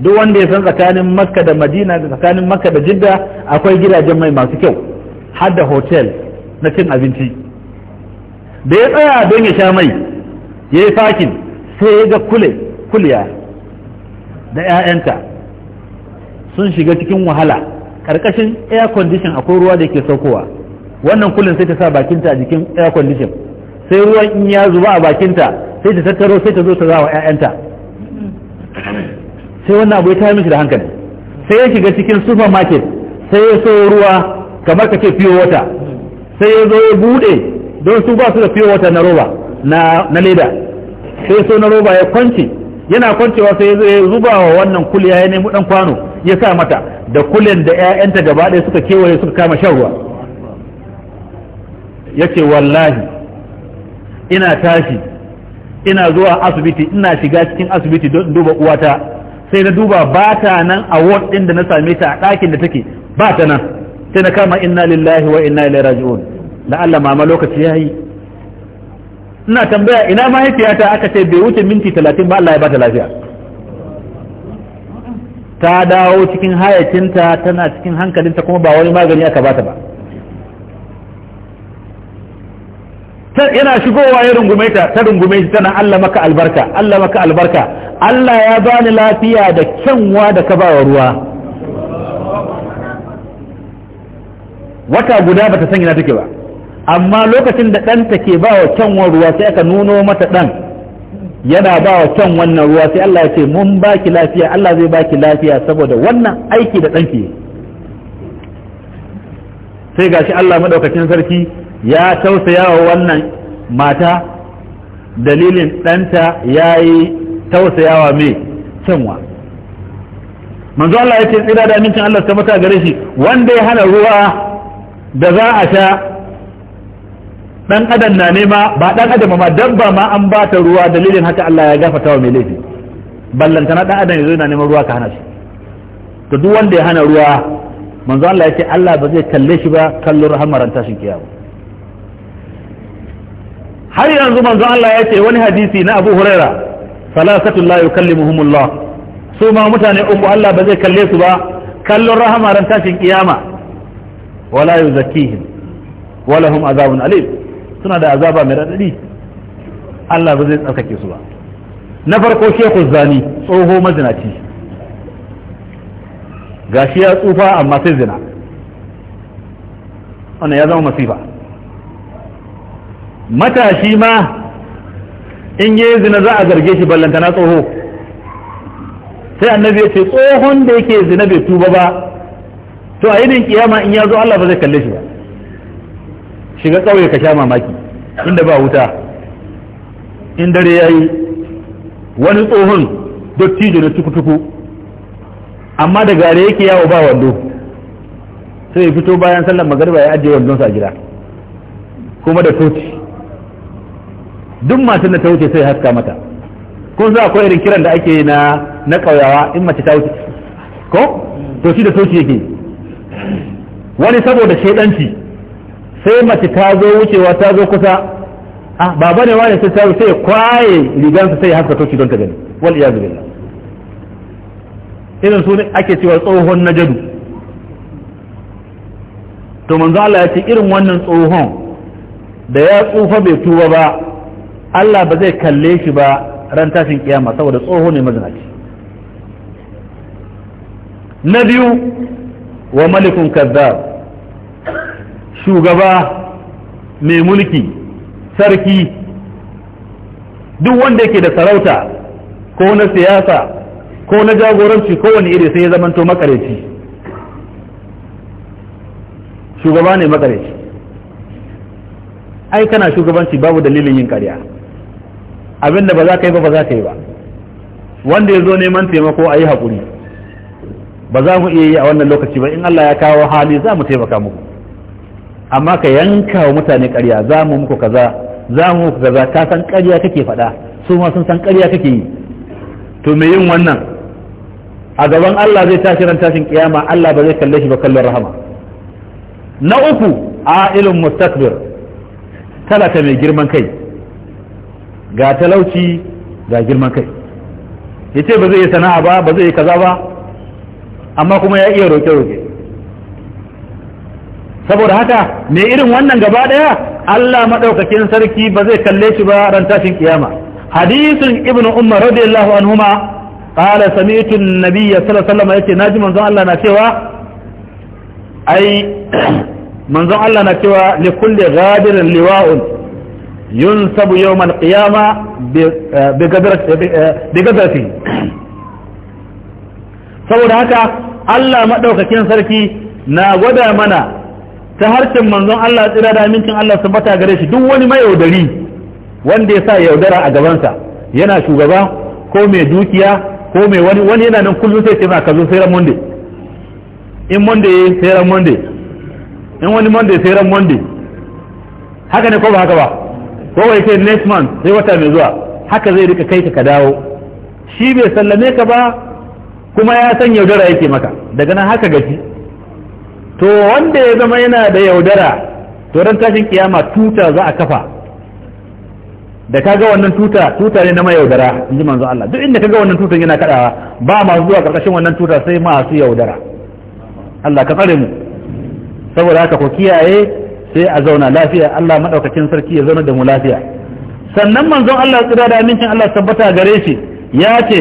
duk wanda ya san tsakanin makka da madina da tsakanin makka da jidda akwai gidajen mai masu kyau har da hotel na cin abinci da ya tsaya don ya sha mai ya yi fakin sai ya ga kule kuliya da 'ya'yanta sun shiga cikin wahala ƙarƙashin air condition akwai ruwa da ke saukowa wannan kullum sai ta sa bakinta a jikin air condition sai ruwan in ya zuba a bakinta sai ta tattaro sai ta zo ta zawa ƴaƴanta sai wannan abu ya tayar mishi da hankali sai ya shiga cikin supermarket sai ya so ruwa kamar ka ce pure water sai ya zo ya bude don su ba su da pure water na roba na na leda sai so na roba ya kwance yana kwancewa sai ya zo ya zuba wa wannan kuliya ya nemi dan kwano ya sa mata da kulen da ƴaƴanta gaba ɗaya suka kewaye suka kama shan ruwa yace wallahi ina tashi ina zuwa asibiti ina shiga cikin asibiti don duba uwata sai na duba ba ta nan a ward din da na same ta a ɗakin da take ba ta nan sai na kama inna lillahi wa inna ilaihi raji'un la'alla mama lokaci yayi ina tambaya ina mahaifiyata aka ce bai wuce minti talatin ba Allah ya bata lafiya ta dawo cikin hayacinta tana cikin hankalinta kuma ba wani magani aka bata ba yana shigowa ya rungume ta ta rungume shi tana Allah maka albarka Allah maka albarka Allah ya bani lafiya da kyanwa da ka bawa ruwa wata guda bata san ina take ba amma lokacin da ɗanta ke bawa kyanwa ruwa sai aka nuno mata ɗan yana bawa kyan wannan ruwa sai Allah ya ce mun baki lafiya Allah zai baki lafiya saboda wannan aiki da ɗanki sai gashi Allah madaukakin sarki ya tausaya wa wannan mata dalilin ɗanta ya yi tausayawa mai kyanwa manzo Allah ya ce tsira da amincin Allah ta mata gare shi wanda ya hana ruwa da za a sha ɗan adam na nema ba ɗan adam ma dabba ma an ba ta ruwa dalilin haka Allah ya gafata wa mai laifi ballantana ɗan adam ya zo na neman ruwa ka hana shi to duk wanda ya hana ruwa manzo Allah ya ce Allah ba zai kalle shi ba kallon rahmar tashin kiyawa har yanzu manzo Allah ya ce wani hadisi na Abu Huraira salasatu la yukallimuhumullah su ma mutane uku Allah ba zai kalle su ba kallon rahama ran tashin kiyama wala yuzakkihim wala hum azabun alim suna da azaba mai radadi Allah ba zai tsarkake su ba na farko shehu zani tsoho mazinaci gashi ya tsufa amma sai zina wannan ya zama masifa matashi ma in yi zina za a zarge shi ballantana tsoho sai annabi ya ce tsohon da yake zina bai tuba ba to a idin kiyama in ya zo Allah ba zai kalle shi ba shiga ƙauye ka sha mamaki inda ba wuta in dare ya yi wani tsohon dottijo na tukutuku amma da gare yake yawo ba wando sai ya fito bayan sallar magariba ya ajiye wandonsa a gida kuma da toci duk matan da ta wuce sai haska mata kun za akwai irin kiran da ake na na kauyawa in mace ta wuce ko to shi da toci yake wani saboda shaidanci sai mace ta zo wucewa ta zo kusa ah baba ne wani sai ta wuce sai kwaye rigan sai haska toci don ta gani wal iyaz billah irin su ne ake cewa tsohon najadu to manzo Allah ya ce irin wannan tsohon da ya tsufa bai tuba ba Allah ba zai kalle shi ba ran tashin kiyama saboda tsoho ne mazinaci na biyu wa malikun kazzab shugaba mai mulki sarki duk wanda yake da sarauta ko na siyasa ko na jagoranci ko wani iri sai ya zamanto makareci shugaba ne makareci ai kana shugabanci babu dalilin yin karya abinda ba za ka yi ba ba za ka yi ba wanda ya zo neman taimako a yi haƙuri ba za mu iya yi a wannan lokaci ba in Allah ya kawo hali za mu taimaka muku amma ka yanka wa mutane ƙarya za mu muku kaza za mu muku kaza ka san ƙarya kake faɗa su ma sun san ƙarya kake yi to me yin wannan a gaban Allah zai tashi ran tashin kiyama Allah ba zai kalle shi ba kallon rahama na uku a ilin mustakbir talaka mai girman kai ga talauci ga girman kai ya ce ba zai yi sana'a ba ba zai yi kaza ba amma kuma ya iya roke-roke saboda haka me irin wannan gaba daya Allah maɗaukakin sarki ba zai kalle shi ba ran tashin kiyama hadisin ibnu umar radiyallahu anhuma qala sami'tu an-nabiyya sallallahu alaihi wasallam yace Allah na cewa ai manzon Allah na cewa li kulli ghadirin liwa'un ينسب يوم القيامة بقدرته saboda haka Allah maɗaukakin sarki na gwada mana ta harshen manzon Allah tsira da amincin Allah su bata gare shi duk wani mayaudari wanda ya sa yaudara a gabansa yana shugaba ko mai dukiya ko mai wani wani yana nan kullum sai ce ma ka zo sai ran monday in monday sai ran monday in wani monday sai ran monday haka ne ko ba haka ba ko wai ce next month sai wata mai zuwa haka zai rika kai ka ka dawo shi bai sallame ka ba kuma ya san yaudara yake maka daga nan haka gaji to wanda ya zama yana da yaudara to ran tashin kiyama tuta za a kafa da kaga wannan tuta tuta ne na mai yaudara in ji manzo Allah duk inda kaga wannan tutan yana kadawa ba masu zuwa karkashin wannan tuta sai masu yaudara Allah ka tsare mu saboda haka ko kiyaye sai a zauna lafiya Allah madaukakin sarki ya zauna da mu lafiya sannan manzon Allah tsira da amincin Allah tabbata gare shi ya ce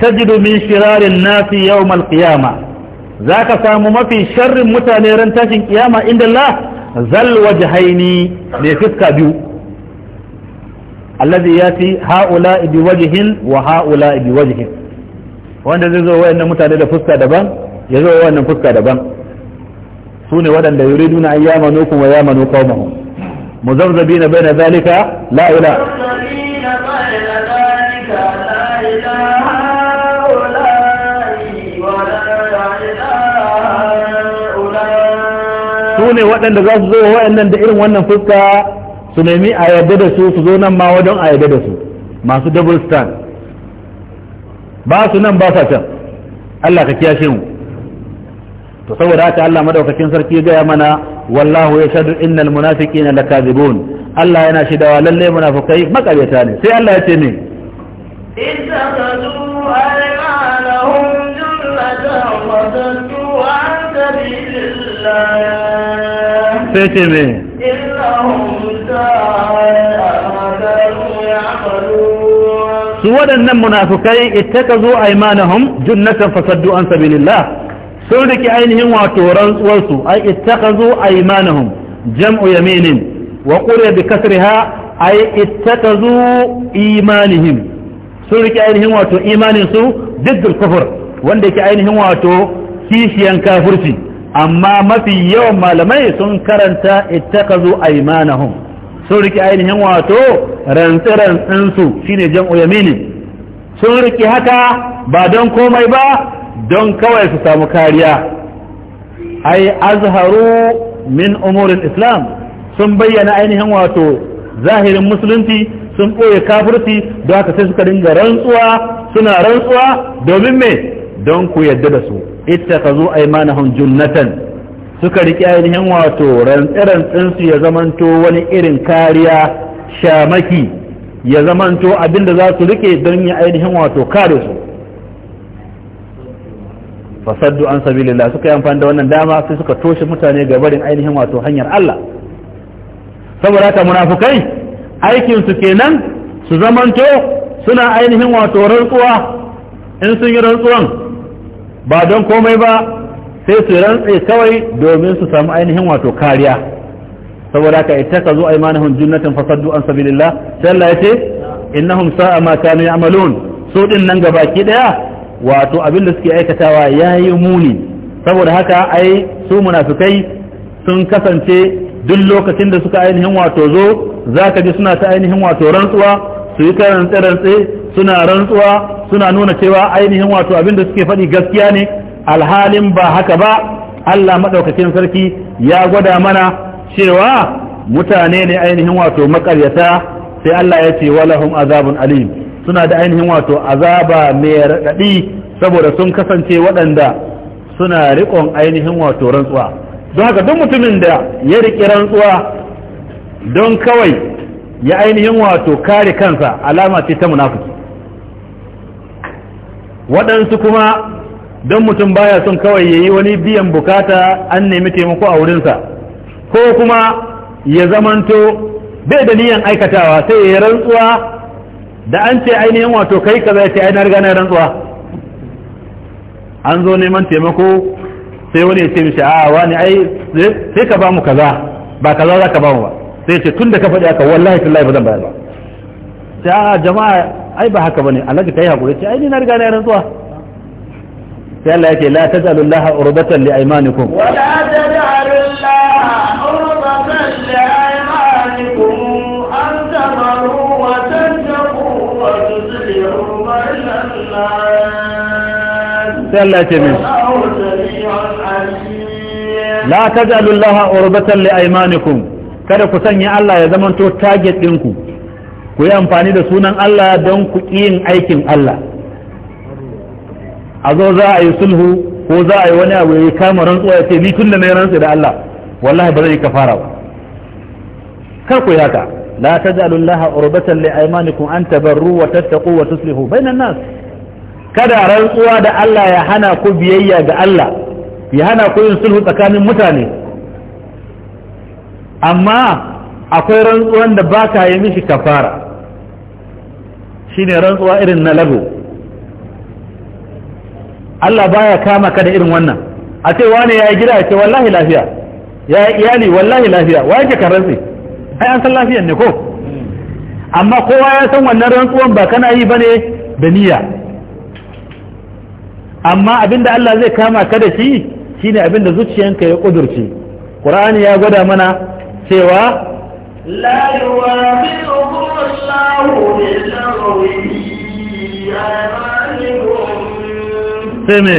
tajidu min shirarin nasi yawmal qiyama zaka samu mafi sharrin mutane ran tashin kiyama inda Allah zal wajhaini ne fiska biyu allazi yati haula bi wajhin wa haula bi wajhin wanda zai zo wayannan mutane da fuska daban ya zo wayannan fuska daban sune waɗanda yuri yuriduna an yamanu kuma yamanu na bai na zalika la ilaha su ne waɗanda za su zo waɗannan da irin wannan fuska su nemi a yarda da su su zo nan ma wajen a yarda da su masu double stand ba su nan ba sa can Allah ka kiyashe mu to saboda haka Allah madaukakin sarki ya gaya mana wallahu yashhadu innal munafiqina lakazibun Allah yana shidawa lalle munafikai makaryata ne sai Allah ya ce ne sai ce me su waɗannan munafukai ittaka zo aimanahum junnatan fasaddu an sabilillah sun rike ainihin wato rantsuwarsu ai a aymanahum jam'u yaminin wa quriya bi kasriha ai ittakazu imanihim sun rike ainihin wato imanin su diddul kufur wanda yake ainihin wato kishiyan kafirci amma mafi yawan malamai sun karanta a aymanahum sun rike ainihin wato rantsiran rantsinsu shine jam'u yaminin sun rike haka ba don komai ba don kawai su samu kariya ai azharu min umurin islam sun bayyana ainihin wato zahirin musulunci sun ɓoye kafirci da aka sai suka dinga rantsuwa suna rantsuwa domin me don ku yadda da su ita ka zo aimanahun junnatan suka riƙe ainihin wato rantsi-rantsinsu ya zamanto wani irin kariya shamaki ya zamanto abinda za su rike don yi ainihin wato kare su fasaddu an sabilillah suka yi amfani da wannan dama sai suka toshe mutane ga barin ainihin wato hanyar Allah saboda haka munafukai aikin su kenan su zamanto suna ainihin wato rantsuwa in sun yi rantsuwan ba don komai ba sai su rantse kawai domin su samu ainihin wato kariya saboda haka ka zo aymanahum jinnatin fasaddu an sabilillah sai Allah ce innahum sa'a ma kanu ya'malun su din nan gabaki daya wato abin da suke aikatawa ya yi muni saboda haka ai su munafikai sun kasance duk lokacin da suka ainihin wato zo za ka ji suna ta ainihin wato rantsuwa su yi ta rantse-rantse suna rantsuwa suna nuna cewa ainihin wato abin da suke faɗi gaskiya ne alhalin ba haka ba Allah maɗaukakin sarki ya gwada mana cewa mutane ne ainihin wato maƙaryata sai Allah ya ce walahum azabun alim suna da ainihin wato azaba mai raɗaɗi saboda sun kasance waɗanda suna riƙon ainihin wato rantsuwa don haka duk mutumin da ya riƙi rantsuwa don kawai ya ainihin wato kare kansa alama ce ta munafiki waɗansu kuma don mutum baya sun kawai ya yi wani biyan bukata an nemi taimako a wurinsa ko kuma ya zamanto bai da niyan aikatawa sai ya rantsuwa da an ce ainihin wato kai kaza ya ce ainihin riga na rantsuwa an zo neman taimako sai wani ya ce mishi a wani ai sai ka ba mu kaza ba kaza za ka ba mu ba sai ce tun da ka faɗi aka wallahi tallahi ba zan bayar ba sai a jama'a ai ba haka ba ne Allah ka yi hakuri ce ainihin na riga na rantsuwa sai Allah ce la taj'alullaha urbatan li aymanikum wa la taj'alullaha ثلاثة la لا تجعلوا الله عربة لأيمانكم kada ku sanya Allah ya zama zamanto target ɗinku ku yi amfani da sunan Allah don ku yin aikin Allah a zo za a yi sulhu ko za a yi wani abu ya kama rantsuwa ya ce ni tun da na rantsu da Allah wallahi ba zai yi kafara ba kar ku yi haka la tajalullaha urbatan li aymanikum an tabarru wa tattaqu wa tuslihu bainan nas kada rantsuwa da Allah ya hana ku biyayya ga Allah ya hana ku yin sulhu tsakanin mutane amma akwai rantsuwan da ba ka yi mishi kafara shine rantsuwa irin na lago Allah baya kama ka da irin wannan a ce wane ya yi gida ya ce wallahi lafiya ya yi iyali wallahi lafiya wa yake kan rantsi ai an san lafiyan ne ko hmm. amma kowa ya san wannan rantsuwan ba kana yi bane da niyya amma abinda Allah zai kama ka da shi shine abinda zuciyanka ya kudurce Qur'ani ya gwada mana cewa la yuwafiqukum Allahu bil sai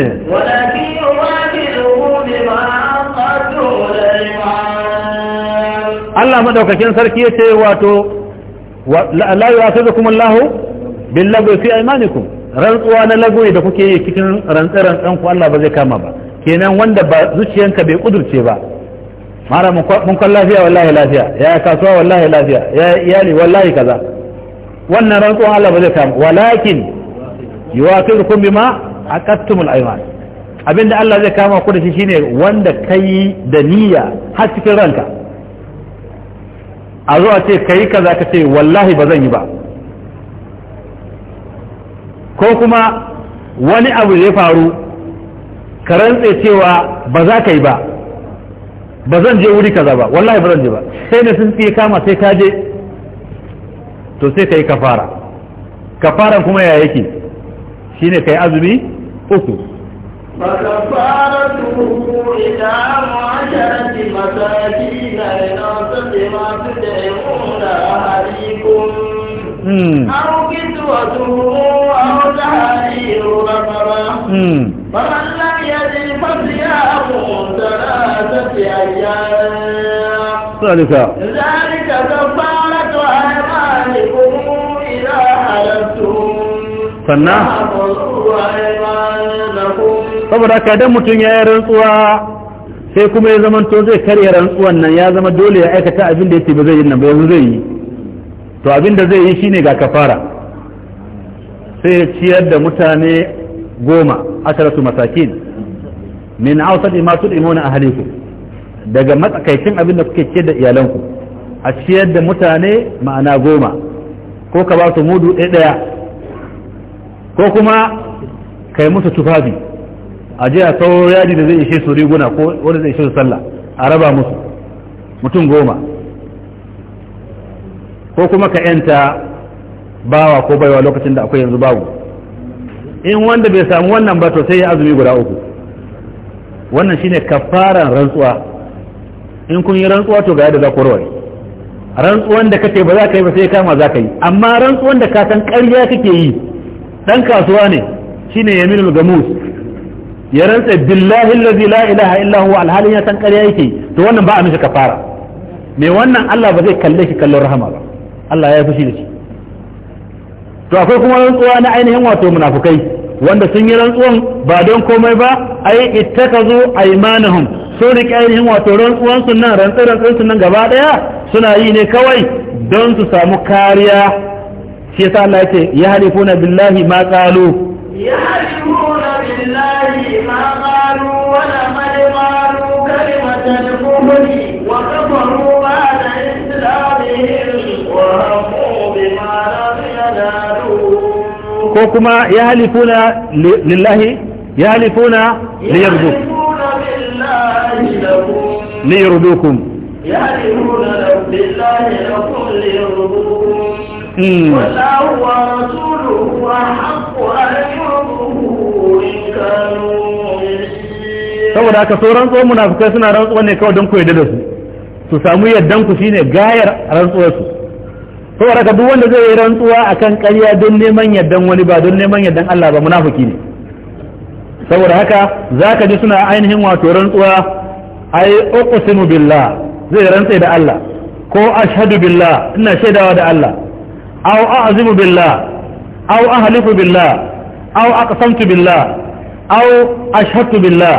Allah madaukakin sarki yace wato la yuwafiqukum Allahu bil-lagwi fi aymanikum rantsuwa na lagoyi da kuke yi cikin rantsi-rantsan ku Allah ba zai kama ba kenan wanda ba zuciyanka bai kudurce ba mara mun kwan lafiya wallahi lafiya ya kasuwa wallahi lafiya ya iyali wallahi kaza wannan rantsuwa Allah ba zai kama walakin yuwaqirukum bima aqattumul ayman abinda Allah zai kama ku da shi shine wanda kai da niyya har cikin ranka a zo a ce kai kaza ka ce wallahi ba zan yi ba ko kuma wani abu ya faru ka rantse cewa ba za ka yi ba ba zan je wuri kaza ba wallahi ba zan je ba sai da sun tsaye kama sai ka je to sai ka yi kafara kafaran kuma ya yake shine kai azumi uku أو أو تحرير فمن لم يجد فصيام ثلاثة أيام ذلك ذلك كفارة أيمانكم إذا حلفتم saboda ka idan mutum ya yi rantsuwa sai kuma ya zama zamanto zai karya rantsuwan nan ya zama dole ya aikata abin da ya ce ba zai yi nan ba yanzu zai yi to abinda zai yi shine ga kafara sai ya ciyar da mutane goma asharatu masakin min ausadi ma tud'imuna ku, daga matsakaicin abin da kuke ciyar da iyalanku a ciyar da mutane ma'ana goma ko ka ba su mudu ɗaya ko kuma kai musu tufafi a je a sauro yadi da zai ishe su riguna ko wanda zai ishe su sallah a raba musu mutum goma ko kuma ka yanta bawa ko baiwa lokacin da akwai yanzu babu in wanda bai samu wannan ba to sai ya azumi guda uku wannan shine kafaran rantsuwa in kun yi rantsuwa to ga yadda za ku warware rantsuwan da kake ba za ka yi ba sai kama za ka yi amma rantsuwan da ka san ƙarya kake yi dan kasuwa ne shine yaminul gamus ya rantsa billahi allazi la ilaha illa huwa alhalin ya san ƙarya yake to wannan ba a mishi kafara me wannan Allah ba zai kalle shi kallon rahama ba Allah ya yi fushi da shi to akwai kuma rantsuwa na ainihin wato munafukai wanda sun yi rantsuwan ba don komai ba ai ittakazu aymanuhum sun rike ainihin wato rantsuwan sun nan rantsu rantsun sun nan gaba daya suna yi ne kawai don su samu kariya shi yasa Allah yake ya halifuna billahi ma qalu ya halifuna ko kuma ya halifuna lillahi ya halifuna ya halifuna hmm. saboda haka sauran tsohon munafukai suna rantsuwa ne kawai don ku yadda da su su samu yaddan ku shine gayar rantsuwar su saboda ka duk wanda zai yi rantsuwa kan karya don neman yardan wani ba don neman yardan Allah ba munafiki ne saboda haka za ka ji suna ainihin wato rantsuwa ai uqsimu billah zai rantsa da Allah ko ashhadu billah ina shaidawa da Allah aw a'zimu billah aw ahlifu billah aw aqsamtu billah aw ashhadu billah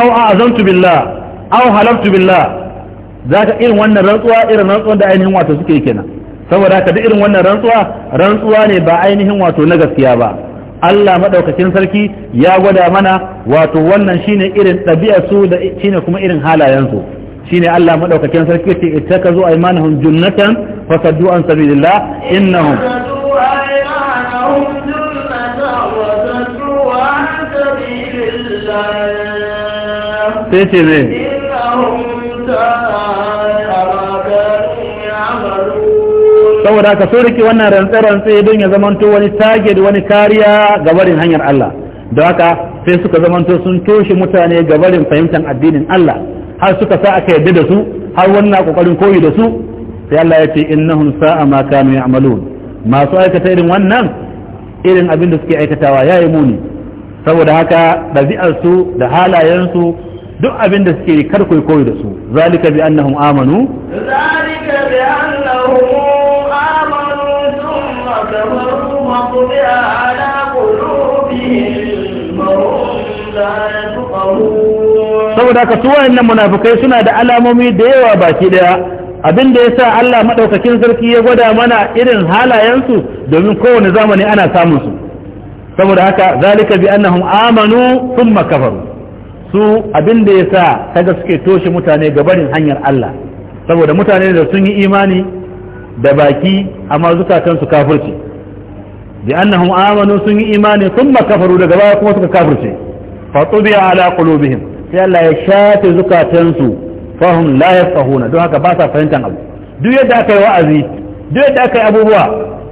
aw a'zamtu billah aw halaltu billah zaka irin wannan rantsuwa irin rantsuwa da ainihin wato suke kenan saboda ka duk irin wannan rantsuwa rantsuwa ne ba ainihin wato na gaskiya ba Allah madaukakin sarki ya gwada mana wato wannan shine irin ɗabi'ar su da shine kuma irin halayen su shine Allah madaukakin sarki ce ittakazu aymanahum junnatan fasaddu an sabilillah innahum sai ce ne saboda haka so rike wannan rantsa rantsa don ya zamanto wani taget wani kariya ga barin hanyar Allah da haka sai suka zamanto sun toshe mutane ga barin fahimtar addinin Allah har suka sa aka yadda da su har wannan kokarin koyi da su sai Allah ya ce innahum sa'a ma kanu ya'malun masu aikata irin wannan irin abin da suke aikatawa yayi muni saboda haka ɗabi'ar su da halayensu su duk abin da suke kar koyi da su zalika bi annahum amanu zalika bi annahum saboda haka su wayannan munafikai suna da alamomi da yawa baki daya abin da sa Allah maɗaukakin sarki ya gwada mana irin halayensu domin kowane zamani ana samun su saboda haka zalika bi annahum amanu thumma kafaru su abin da sa kaga suke toshe mutane ga barin hanyar Allah saboda mutane da sun yi imani da baki amma zukatansu kafirci bi annahum amanu sun yi imani thumma kafaru daga baya kuma suka kafirce fa tubiya ala qulubihim sai Allah ya shafe zukatansu fahum la yafqahuna don haka ba fahimtar abu duk aka yi wa'azi duk aka yi abubuwa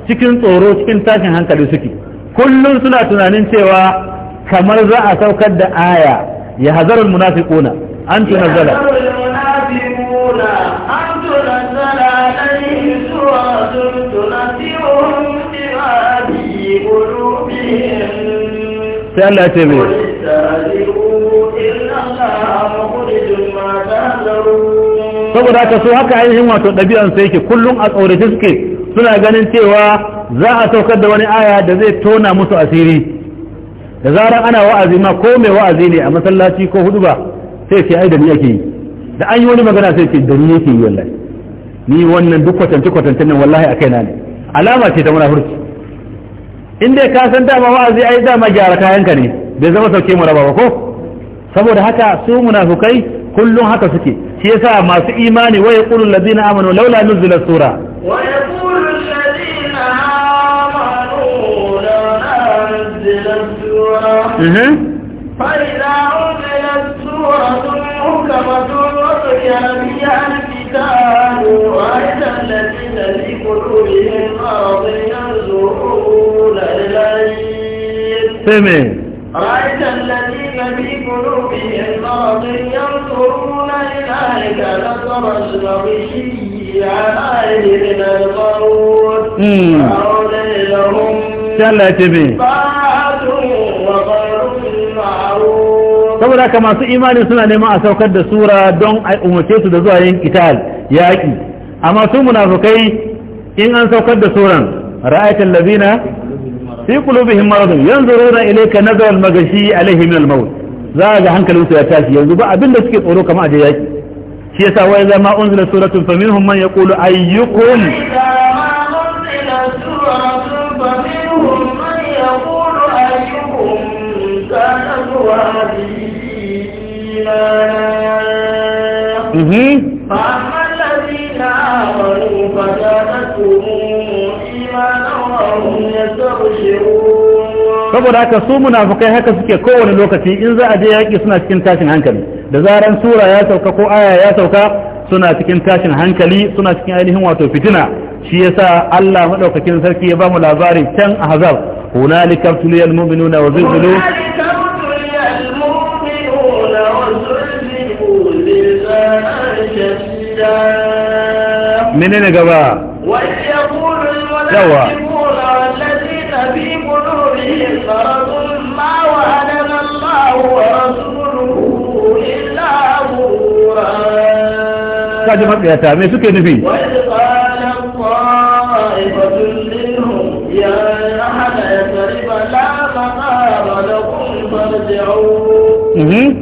cikin tsoro cikin tashin hankali suke kullum suna tunanin cewa kamar za a saukar da aya ya hazarul munafiquna an tunazzala sai Allah ce mai saboda haka so haka ainihin wato ɗabi'an sai yake kullum a tsorace suke suna ganin cewa za a saukar da wani aya da zai tona musu asiri da zarar ana wa'azi ma ko mai wa'azi ne a masallaci ko hudu ba sai ce ai da ni yake yi da an yi wani magana sai ce da ni yake yi wallahi ni wannan duk kwatance kwatancen nan wallahi a kaina ne alama ce ta munafurci in dai ka san dama wa'azi ai dama gyara kayanka ne bai zama sauke mu raba ba ko saboda haka su munafukai kullum haka suke shi yasa masu imani wa yaqulu allazina amanu laula nuzila sura wa yaqulu allazina amanu laula nuzila sura فإذا أنزلت سورة محكمة وذكر بها كانوا غير الذين في قلوبهم مرض ينظرون إليك رأيت الذين في قلوبهم مرض ينظرون إليك نظر على عليه من الموت فأولي لهم جل تبي saboda haka masu imanin suna neman a saukar da sura don a umarce su da zuwa yin qital yaki amma su munafukai in an saukar da suran ra'aytal ladina fi qulubihim maradun yanzuruna ilayka nazar al-magashi alayhi min al-maut za ga hankalin su ya tashi yanzu ba abinda suke tsoro kamar je yaki shi yasa wai zama unzila suratun faminhum man yaqulu ayyukum فمنهم من الماء فأما الذين آمنوا إيمانا وهم يستبشرون saboda haka su munafukai haka suke kowane lokaci in za a je yaƙi suna cikin tashin hankali da zaran sura ya sauka ko aya ya sauka suna cikin tashin hankali suna cikin ainihin wato fitina shi yasa Allah madaukakin sarki ya bamu labarin can ahzab hunalika tuliyal mu'minuna wa zulzilu شاء منين جماعة وليقول المنافقون والذين في قلوبهم مرض ما وعدنا الله ورسوله إلا غرورا kaji matsayata me suke nufi Mm-hmm.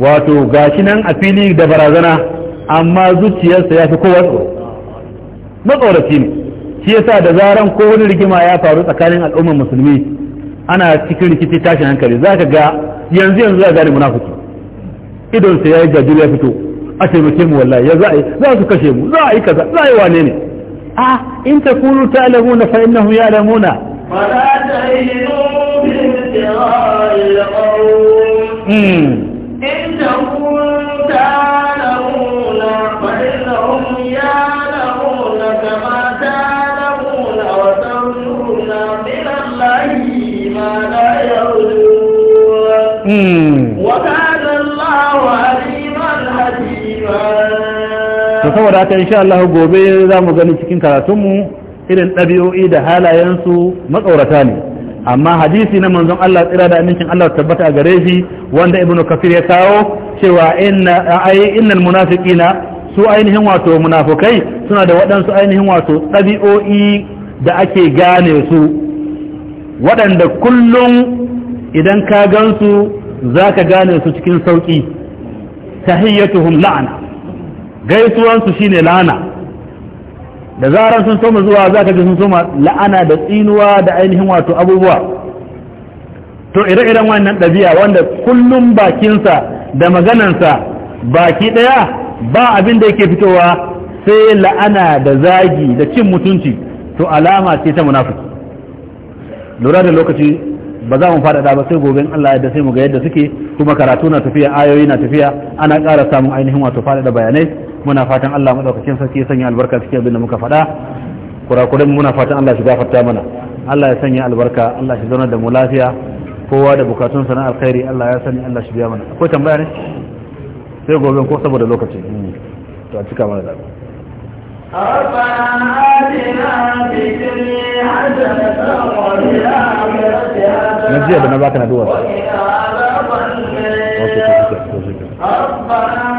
wato gashi nan a fili da barazana amma zuciyarsa ya fi kowa tsoro matsoraci ne shi yasa da zaran ko wani rigima ya faru tsakanin al'ummar musulmi ana cikin rikici tashin hankali za ka ga yanzu yanzu ya gane munafiki idon sa yayi gajir ya fito a taimake mu wallahi ya za'a za su kashe mu za a yi kaza za a yi wane ne a in ta kunu takunu ta'lamuna fa innahu ya'lamuna fala tahinu bi ibtigha'i al-qawm hmm. يعلمون saboda haka insha Allah gobe za mu gani cikin karatunmu irin ɗabi'o'i da halayensu matsaurata ne amma hadisi na manzon Allah tsira da amincin Allah tabbata a gare shi wanda ibnu kafir ya kawo cewa innal munafiqina su ainihin wato munafukai suna da waɗansu ainihin wato ɗabi'o'i da ake gane su waɗanda kullum idan ka gansu za ka gane su cikin sauƙi tahiyyatuhum la'ana gaisuwansu shine la'ana da zaran sun soma zuwa za ka ji sun soma la'ana da tsinuwa da ainihin wato abubuwa to ire-iren wannan ɗabi'a wanda kullum bakinsa da maganansa baki ɗaya ba abin da yake fitowa sai la'ana da zagi da cin mutunci to alama ce ta munafiki lura da lokaci ba za mu faɗaɗa ba sai gobe Allah yadda sai mu ga yadda suke kuma karatu na tafiya ayoyi na tafiya ana ƙara samun ainihin wato faɗaɗa bayanai muna fatan Allah maɗaukakin sarki ya sanya albarka cikin abin da muka faɗa kurakuran muna fatan Allah shi gafarta mana Allah ya sanya albarka Allah shi zauna da mu lafiya kowa da bukatun sana alkhairi Allah ya sani Allah shi biya mana akwai tambaya ne sai gobe ko saboda lokaci to a cika mana da na آتنا ربنا